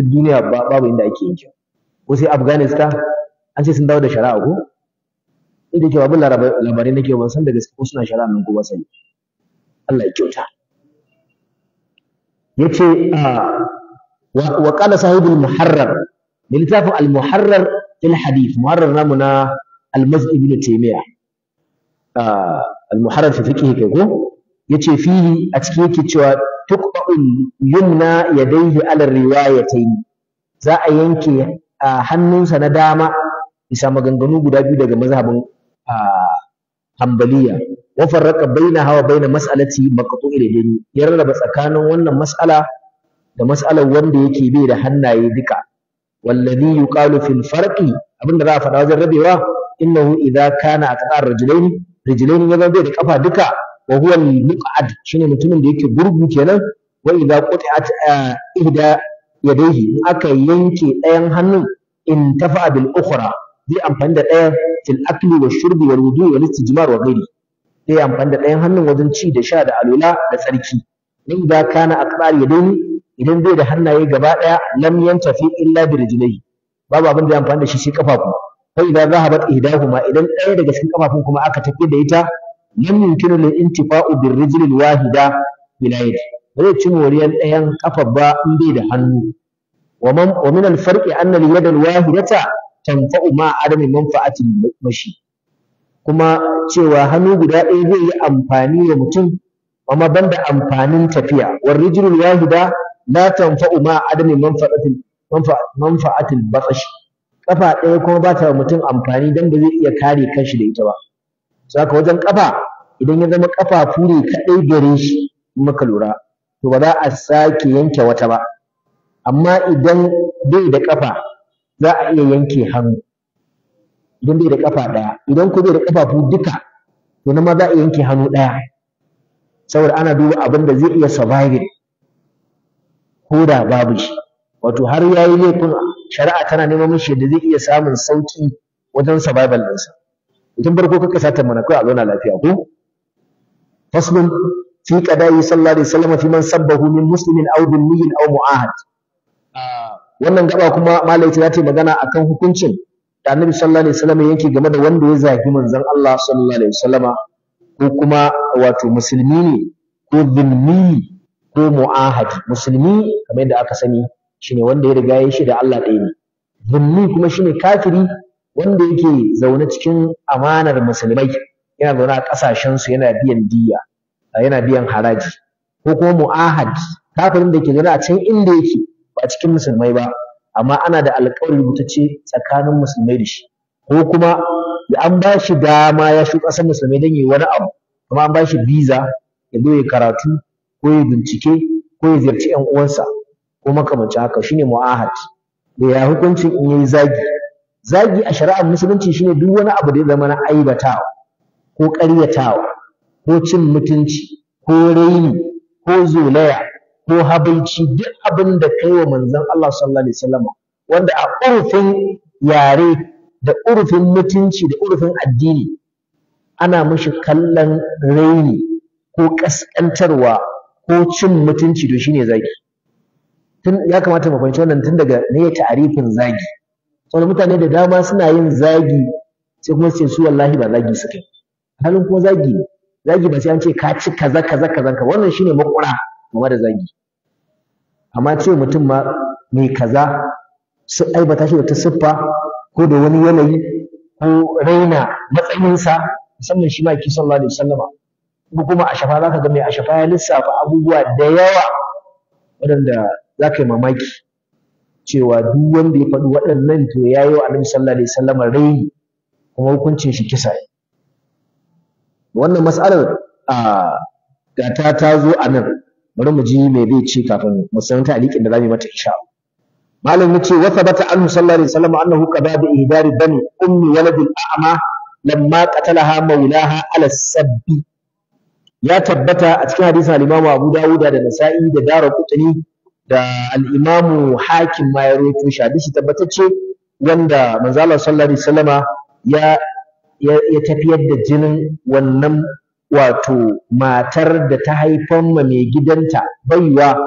duk duniya babu inda ake yanke ko sai Afghanistan an ce sun dawo da shari'a ko duk da cewa abin labarai nake ban san da gaske ko suna shari'a nan ko ba sai Allah ya kyauta yace ah, wa qala sahibul muharrar littafin al muharrar fil hadith muharrar namu na almazdi ibn taymiya ah, al-muharrar fi fiqh kai ko yace fihi a cikin yake cewa ya yumna yadayhi ya riwayatayn za a yanke ah, hannunsa na dama bisa maganganu guda biyu daga mazhabin ah, hambaliya wa baina hawa wa baina mas'alati maqtu'il yadayn ya rarraba tsakanin wannan mas'ala da mas'alar wanda yake bai da hannaye duka والذي يقال في الفرق abinda za a faɗa wajen rabewa innahu idza kana aqtar rajulain rajulain ya zama bai da kafa duka wa huwa al-muqad shine mutumin da yake gurgu kenan wa idza quti'at ihda yadayhi in aka yanke ɗayan hannu in tafa bil ukhra zai amfani da ɗayan fil akli wa shurbi wal wudu wal istijmar wa ghairi zai amfani da ɗayan hannun wajen ci da sha da alula da tsarki in da kana aqtar yadaini idan zai da hannaye gaba ɗaya, lam yantafi illa bi rijlai babu abin da ya amfani da shi sai kafafu fa idan zahabat ihdahuma idan ɗaya daga cikin kafafun kuma aka tafi da ita lam yumkinu lil intifa'u rijli al wahida bila yadi ba zai ci moriyan ɗayan kafa ba in bai da hannu wa man wa min al farqi anna al wahidata tanfa'u ma adami manfa'atin mashi kuma cewa hannu guda ɗaya zai yi amfani wa mutum amma banda amfanin tafiya war rijlul wahida la tanfa'u ma adami manfa'atin manfa'atil batsash kafa ɗaya kuma ba ta mutum amfani dan ba zai iya kare kanshi da ita ba saka wajen kafa idan ya zama kafafu ne kaɗai gare shi muka lura to ba za a sake yanke wata ba amma idan bai da kafa za a iya yanke hannu idan bai da kafa daya idan ku bai da kafafu duka to nan ma za a iya yanke hannu daya saboda ana duba abin da zai iya surviving ko da babu shi wato har ya yi laifin shari'a tana neman mishi da zai iya samun sauƙi wajen survival ɗinsa mutum farko kaka sata mana kai a zauna lafiya ko faslun fi qada'i sallallahu alaihi wasallam fi man sabbahu min muslimin aw dhimmiyin aw mu'ahad wannan gaba kuma malai ta ce magana akan hukuncin da annabi sallallahu alaihi wasallam yake game da wanda ya zagi manzon Allah sallallahu alaihi wasallam ko kuma wato musulmi ne ko dhimmi ko mu'ahadi musulmi kamar yadda aka sani shine wanda ya riga ya shi da Allah ɗaya ne zulmi kuma shine kafiri wanda yake zaune cikin amanar musulmai yana zaune a kasashen su yana biyan diya yana biyan haraji ko kuma mu'ahad kafirin da ke zaune a can inda yake ba cikin musulmai ba amma ana da alƙawari rubutacce tsakanin musulmai da shi ko kuma an ba shi dama ya shi ƙasar musulmai don yi wani abu kuma an ba shi biza ya zo ya karatu ko ya bincike ko ya ziyarci 'yan uwansa ko makamancin haka shine mu'ahad da ya hukuncin in yayi zagi zagi a shari'ar musulunci shine duk wani abu da ya zama na aibatawa ko ƙaryatawa ko cin mutunci ko raini ko zolaya ko habaici duk abin da kai wa manzon Allah sallallahu alaihi wasallam wanda a urfin yare da urfin mutunci da urfin addini ana mishi kallon raini ko ƙasƙantarwa ko cin mutunci to shine zagi tun ya kamata mu fahimci wannan tun daga ne ta'arifin zagi saboda mutane da dama suna yin zagi sai kuma su ce su wallahi ba zagi suka yi halin kuma zagi ne zagi ba sai an ce ka ci kaza kaza kaza ka wannan shine makura game da zagi amma ce mutum ma mai kaza su aibata shi da ta siffa ko da wani yanayi ko raina matsayinsa musamman shi ma ki sallallahu alaihi wasallama kuma a shafa za ka ga mai a shafa ya lissafa abubuwa da yawa waɗanda za ka yi mamaki cewa duk wanda ya faɗi waɗannan to ya yi wa annabi sallallahu alaihi wasallam raini kuma hukuncin shi kisa ne wannan mas'alar gata ta zo a nan bari mu ji me zai ce kafin mu san ta alikin da mu yi mata insha Allah malam yace wa thabata anhu sallallahu alaihi wasallam annahu qada bi ihdari bani ummi waladil a'ma lamma qatalaha mawlaha ala sabbi ya tabbata a cikin hadisin al imamu Abu Dawud da Nasa'i da Daraqutni da al imamu Hakim ma ya rawaito shi hadisi tabbatacce wanda manzo Allah sallallahu alaihi wasallama ya ya tafiyar da jinin wannan wato matar da ta haifan ma mai gidanta baiwa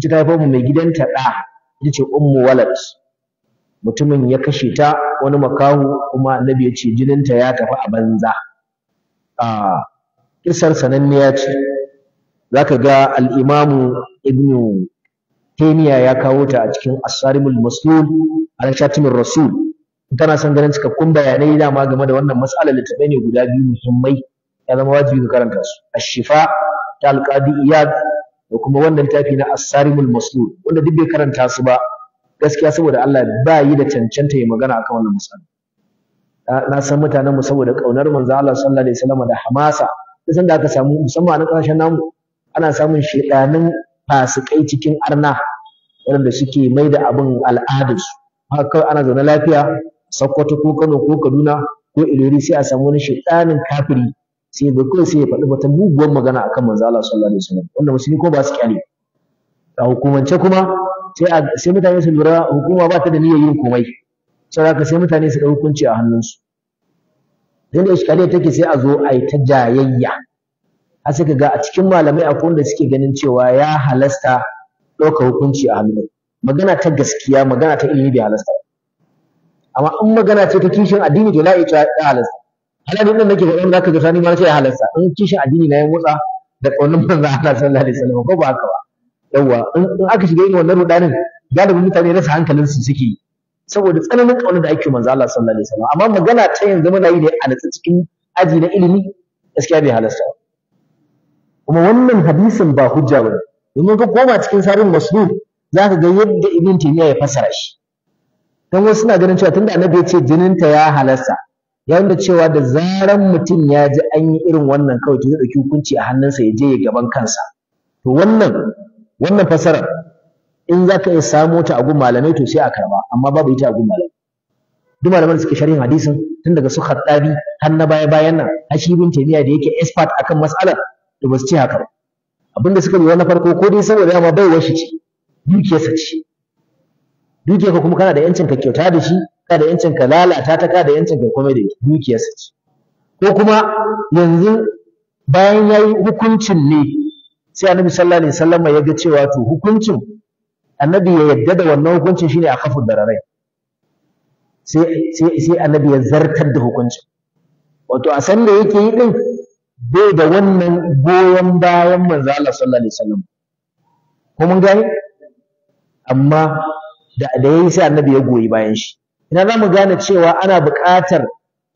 ita ta haifar ma mai gidanta ɗa ita ummu walad mutumin ya kashe ta wani makahu kuma annabi ya ce jininta ya tafi a banza ah, kisar sananniya ce Za ka ga alimamu ibnu taimiya ya kawo ta a cikin asarimul maslul a rashatimin rasul Tana san ganin cikakkun bayanai dama game da wannan matsalar littafai ne guda biyu muhimmai ya zama wajibi ka karanta su ashifa ta alƙadi iyad da kuma wannan tafi na asarimul maslul wanda duk bai karanta su ba gaskiya saboda Allah ba yi da cancanta yi magana akan wannan mas'ala na san mutanenmu mu saboda kaunar manzo Allah sallallahu alaihi wasallam da hamasa san da aka samu musamman a ƙasashen namu ana samun shedanin fasikai cikin arna waɗanda suke mai da abin al'adarsu haka ana zaune lafiya sakkwato ko kano ko kaduna ko ilori sai a samu wani shedanin kafiri sai ga kawai sai ya faɗi wata muguwar magana akan manzo Allah sallallahu alaihi wasallam wanda musulmi ko ba su kyale a hukumance kuma sai mutane su lura hukuma ba ta da niyyar yin komai saboda haka sai mutane su ɗau hukunci a hannunsu inda iskale take sai a zo a yi ta jayayya A sai ga a cikin malamai akwai wanda suke ganin cewa ya halasta ɗauka hukunci a hannu magana ta gaskiya magana ta ilimi bai halasta amma in magana ce ta kishin addini to la'i ta halasta halalin nan nake ganin zaka ga sani ma sai halasta in kishin addini na ya motsa da ƙaunar manzo Allah sallallahu alaihi wasallam ko ba haka ba yawa in aka shiga irin wannan rudanin galibin mutane rasa hankalin su suke yi saboda tsananin ƙaunar da ake manzo Allah sallallahu alaihi wasallam amma magana ta yanzu muna yi da a natsa cikin aji na ilimi gaskiya bai halasta kuma wannan hadisin ba hujja bane domin ka koma cikin sarin za zaka ga yadda ibn taymiya ya fassara shi dan wasu suna ganin cewa tunda annabi ya ce ta ya halasta ya wanda cewa da zaran mutum ya ji an yi irin wannan kawai to zai ɗauki hukunci a hannunsa ya je ya gaban kansa to wannan wannan in za ka iya samo ta a gun malamai to sai a karba amma babu ita a gun malamai duk malaman suke sharhin hadisin tun daga su khaddabi har na baya bayan nan har shi ibn taymiya da yake expert akan mas'alar to ba su ce haka ba abinda suka yi na farko ko dai saboda yawa bai washi ce dukiyarsa ce dukiyarka kuma kana da yancin ka kyauta da shi ka da yancin ka lalata ta ka da yancin ka komai da ita dukiyarsa ce ko kuma yanzu bayan yayi hukuncin ne sai annabi sallallahu alaihi wasallam ya ga cewa to hukuncin annabi ya yadda da wannan hukuncin shine a kafin dararai sai sai annabi ya zartar da hukuncin wato a san da yake yi din bai da wannan goyon bayan manzo Allah sallallahu alaihi wasallam ko mun gane amma da da yayi sai annabi ya goyi bayan shi ina za mu gane cewa ana buƙatar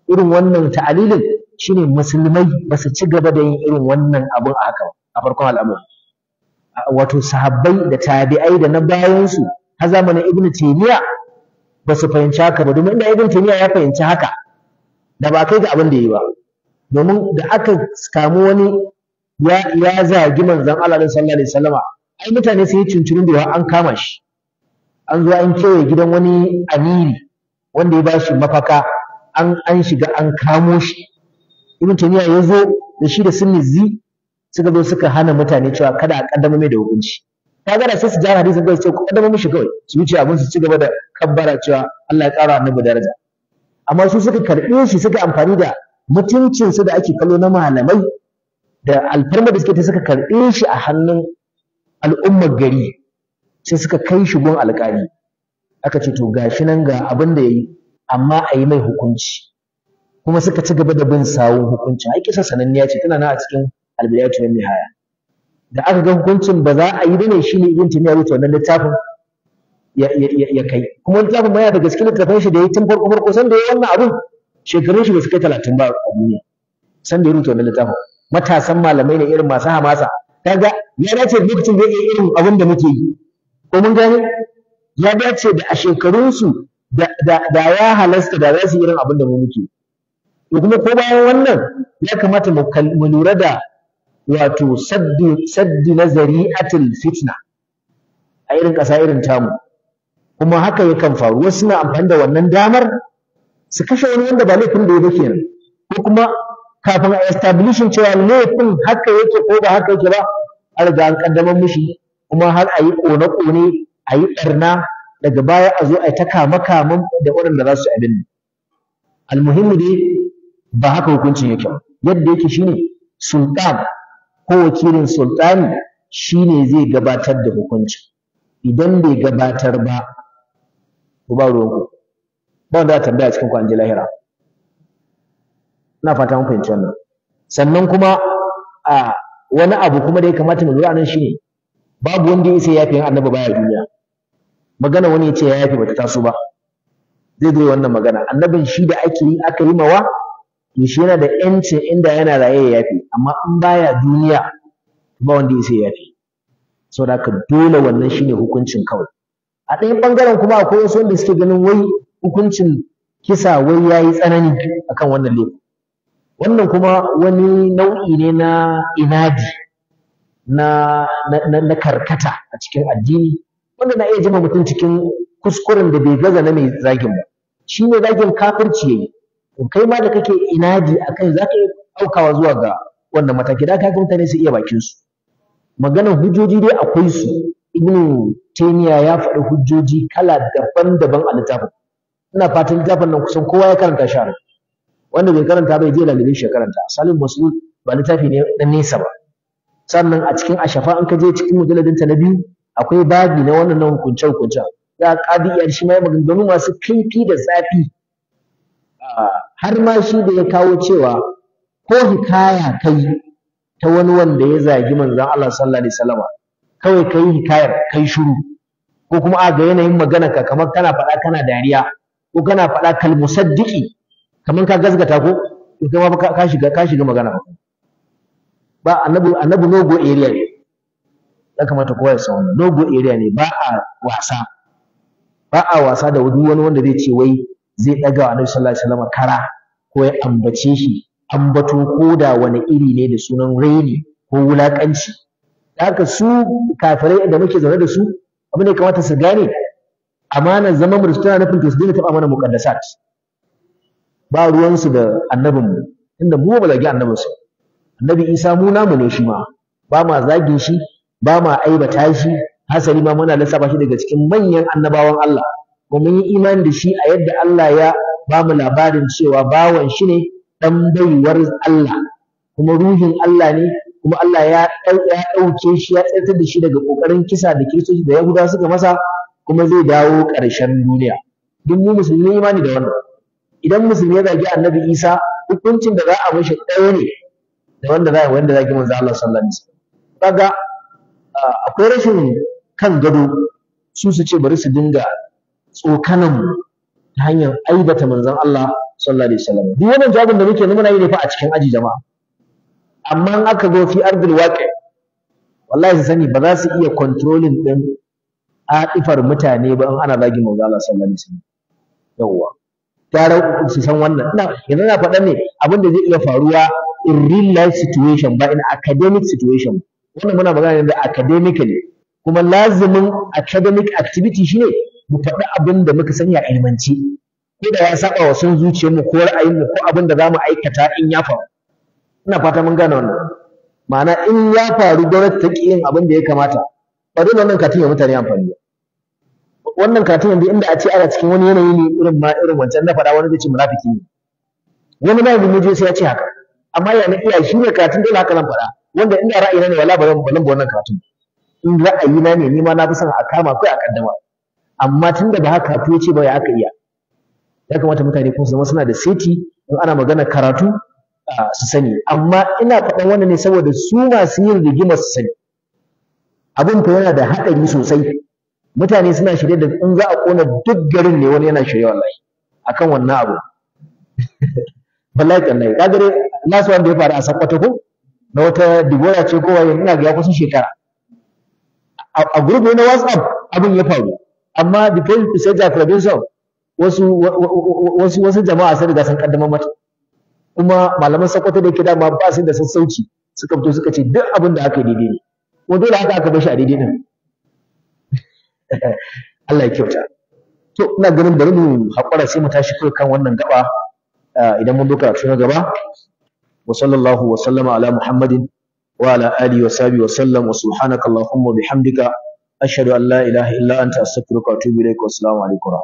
irin wannan ta'alilin shine musulmai ba su ci gaba da yin irin wannan abin a haka a farkon al'amari wato sahabbai da tabi'ai da na bayansu har zamanin ibn taymiya ba su fahimci haka ba domin da ibn taymiya ya fahimci haka da ba kai ga abin da yi ba domin da aka samu wani ya ya zagi manzon Allah sallallahu alaihi wasallama ai mutane sai cincirin da an kama shi an zo an kewaye gidan wani amiri wanda ya bashi mafaka an an shiga an kamo shi ibn taymiya ya zo da shi da zi suka zo suka hana mutane cewa kada a kaddama mai da hukunci ka gara sai su ja hadisin kai sai ku kaddama mishi kawai su wuce abin su ci gaba da kabbara cewa Allah ya kara annabi daraja amma su suka karbe shi suka amfani da mutuncin su da ake kallo na malamai da alfarma da suke ta suka karɓe shi a hannun al'ummar gari sai suka kai shi gun alƙali aka ce to gashi nan ga abin da yayi amma a yi mai hukunci kuma suka ci gaba da bin sawun hukuncin ai kisa sananniya ce tana nan a cikin albidayatu wan nihaya da aka ga hukuncin ba za a yi bane shine ibn taymiya rubuta wannan littafin ya kai kuma littafin ma yana da cikin littafin shi da ya tun farko farko san da ya wannan abun shekarun shi ba su kai talatin ba a duniya san da ya rubuta wannan littafin matasan malamai ne irin masu hamasa kaga ya dace lokacin da ya yi irin abin da muke yi ko mun gane ya dace da a shekarunsu da da ya halasta da za su yi irin abin da mu muke to kuma ko bayan wannan ya kamata mu lura da wato saddi na atil fitna a irin ƙasa irin tamu kuma haka yakan faru wasu na amfani da wannan damar su kashe wani wanda ba laifin da ya ba kenan ko kuma kafin a establishin cewa laifin haka yake ko ba haka yake ba an riga an kaddamar mishi kuma har a yi ƙone-ƙone a yi ɓarna daga baya a zo a yi ta kama-kaman da waɗanda za su abin almuhimmi dai ba haka hukuncin yake ba yadda yake shine sultan ko wakilin sultani shi ne zai gabatar da hukuncin idan bai gabatar ba ku ba roƙo ba wanda za tambaya cikin kwanji lahira ina fata mun fahimci wannan sannan kuma a wani abu kuma da ya kamata mu lura nan shine babu wanda ya isa yafi yin annabi baya duniya magana wani ya ce ya yafi bata taso ba zai zo wannan magana annabin shi da ake yi aka yi mawa to shi yana da yancin inda yana raye ya yafe amma in baya duniya ba wanda ya sai ya yafe saboda ka dole wannan shine hukuncin kawai a ɗayan ɓangaren kuma akwai wasu wanda suke ganin wai hukuncin kisa wai ya yi tsanani akan wannan laifin wannan kuma wani nau'i ne na inadi na, na, na karkata a cikin addini wanda na iya jima mutum cikin kuskuren da bai gaza na mai zagin ba shi ne zagin kafirci yayi kai ma da kake inadi akan za ka iya ɗaukawa zuwa ga wannan mataki da kai mutane su iya bakin su maganar hujjoji dai akwai su ibnu taymiya ya faɗi hujjoji kala daban-daban a littafin ina fatan littafin nan kusan kowa ya karanta shi wanda bai karanta bai je lalibe shi ya karanta salim masud ba littafi ne na nesa ba sannan a cikin ashafa an ka je cikin mujalladin ta na biyu akwai babi na wannan hukunce hukunce za a ƙadi iyali shi ma ya domin masu kaifi da zafi har ma shi da ya kawo cewa ko hikaya kai ta wani wanda ya zagi manzon Allah sallallahu alaihi wasallam kawai kai hikayar kai shiru ko kuma a ga yanayin magana ka kamar kana faɗa kana dariya ko kana faɗa kalmusaddiki kamar ka gazgata ko to ma ka shiga ka shiga magana ba annabi annabi nogo area ne ya kamata kowa ya san wannan nogo area ne ba a wasa ba a wasa da wani wanda zai ce wai zai ɗaga wa annabi sallallahu alaihi wasallam kara ko ya ambace shi ambato ko da wani iri ne da sunan raini ko wulaƙanci haka su kafirai da muke zaune da su abin da ya kamata su gane amanar zaman mu da tana nufin to su daina taɓa mana muƙaddasat ba ruwansu da mu. inda mu ba zagi annabinsu annabi isa mu namu ne shi ma ba ma zagin shi ba ma aibata shi hasali ma muna lissafa shi daga cikin manyan annabawan Allah ba mun yi imani da shi a yadda Allah ya ba mu labarin cewa bawan shi ne dan baiwar Allah kuma ruhin Allah ne kuma Allah ya ɗauke shi ya tsaitar da shi daga ƙoƙarin kisa da kiristoci da guda suka masa kuma zai dawo ƙarshen duniya duk mu musulmi imani da wannan idan musulmi ya zagi annabi isa hukuncin da za a mishi ɗaya ne da wanda za a wanda zagi manzo Allah sallallahu alaihi wasallam kaga akwai rashin kan gado su su ce bari su dinga tsokanan mu ta hanyar aibata manzon Allah sallallahu alaihi wasallam duk wannan jawabin da muke muna yi ne fa a cikin aji jama'a amma in aka zo fi ardul waqi wallahi su sani ba za su iya controlling din atifar mutane ba in ana zagin manzon Allah sallallahu alaihi wasallam yawwa gara su san wannan ina yanzu na faɗa ne abin da zai iya faruwa in real life situation ba in academic situation wannan muna magana ne da academically kuma lazimin academic activity shine mu faɗi abin da muka sani a ilmance ko da ya saba wa son zuciyarmu ko ra'ayinmu ko abin da za mu aikata in ya faru ina fata mun gane wannan ma'ana in ya faru gwamnati ta ƙi yin abin da ya kamata ba dole wannan katin ya mutane amfani ba wannan katin yanzu inda a ce ana cikin wani yanayi ne irin ma irin wancan na faɗa wani zai ce munafiki ne wani ba mun je sai ya ce haka amma ya na iya shi ne katin dole haka nan faɗa wanda inda ra'ayina ne wala ba zan ba wannan katin in ra'ayina ne ni ma na fi son a kama kai a kaddama amma tunda ba haka to yace ba ya aka iya ya kamata mutane kuma su zama suna da seti in ana magana karatu su sani amma ina faɗan wannan ne saboda su masu yin rigima su sani abin fa yana da haɗari sosai mutane suna shirye da in za a ƙona duk garin ne wani yana shirye wallahi akan wannan abu wallahi kallahi kaga dai nasu wanda ya faru a sakkwato ko na wata digora ce ko waye ina ga ya kusa shekara a gurbi na whatsapp abin ya faru amma before you present their credential wasu wasu wasu jama'a sai da sun kaddama mata kuma malaman sakwato da ke dama ba su da sassauci suka fito suka ce duk abin da aka yi daidai ne ko dole haka aka bar shi a daidai nan Allah ya kyauta to ina ganin bari mu haƙura sai mu tashi kai kan wannan gaba ah, idan mun doka shi na gaba wa sallallahu wa sallama ala muhammadin wa ala alihi wa sahbihi wa sallam wa subhanaka allahumma bihamdika ashadu an la ilaha illa anta astaghfiruka wa atubu ilaik wa alaikum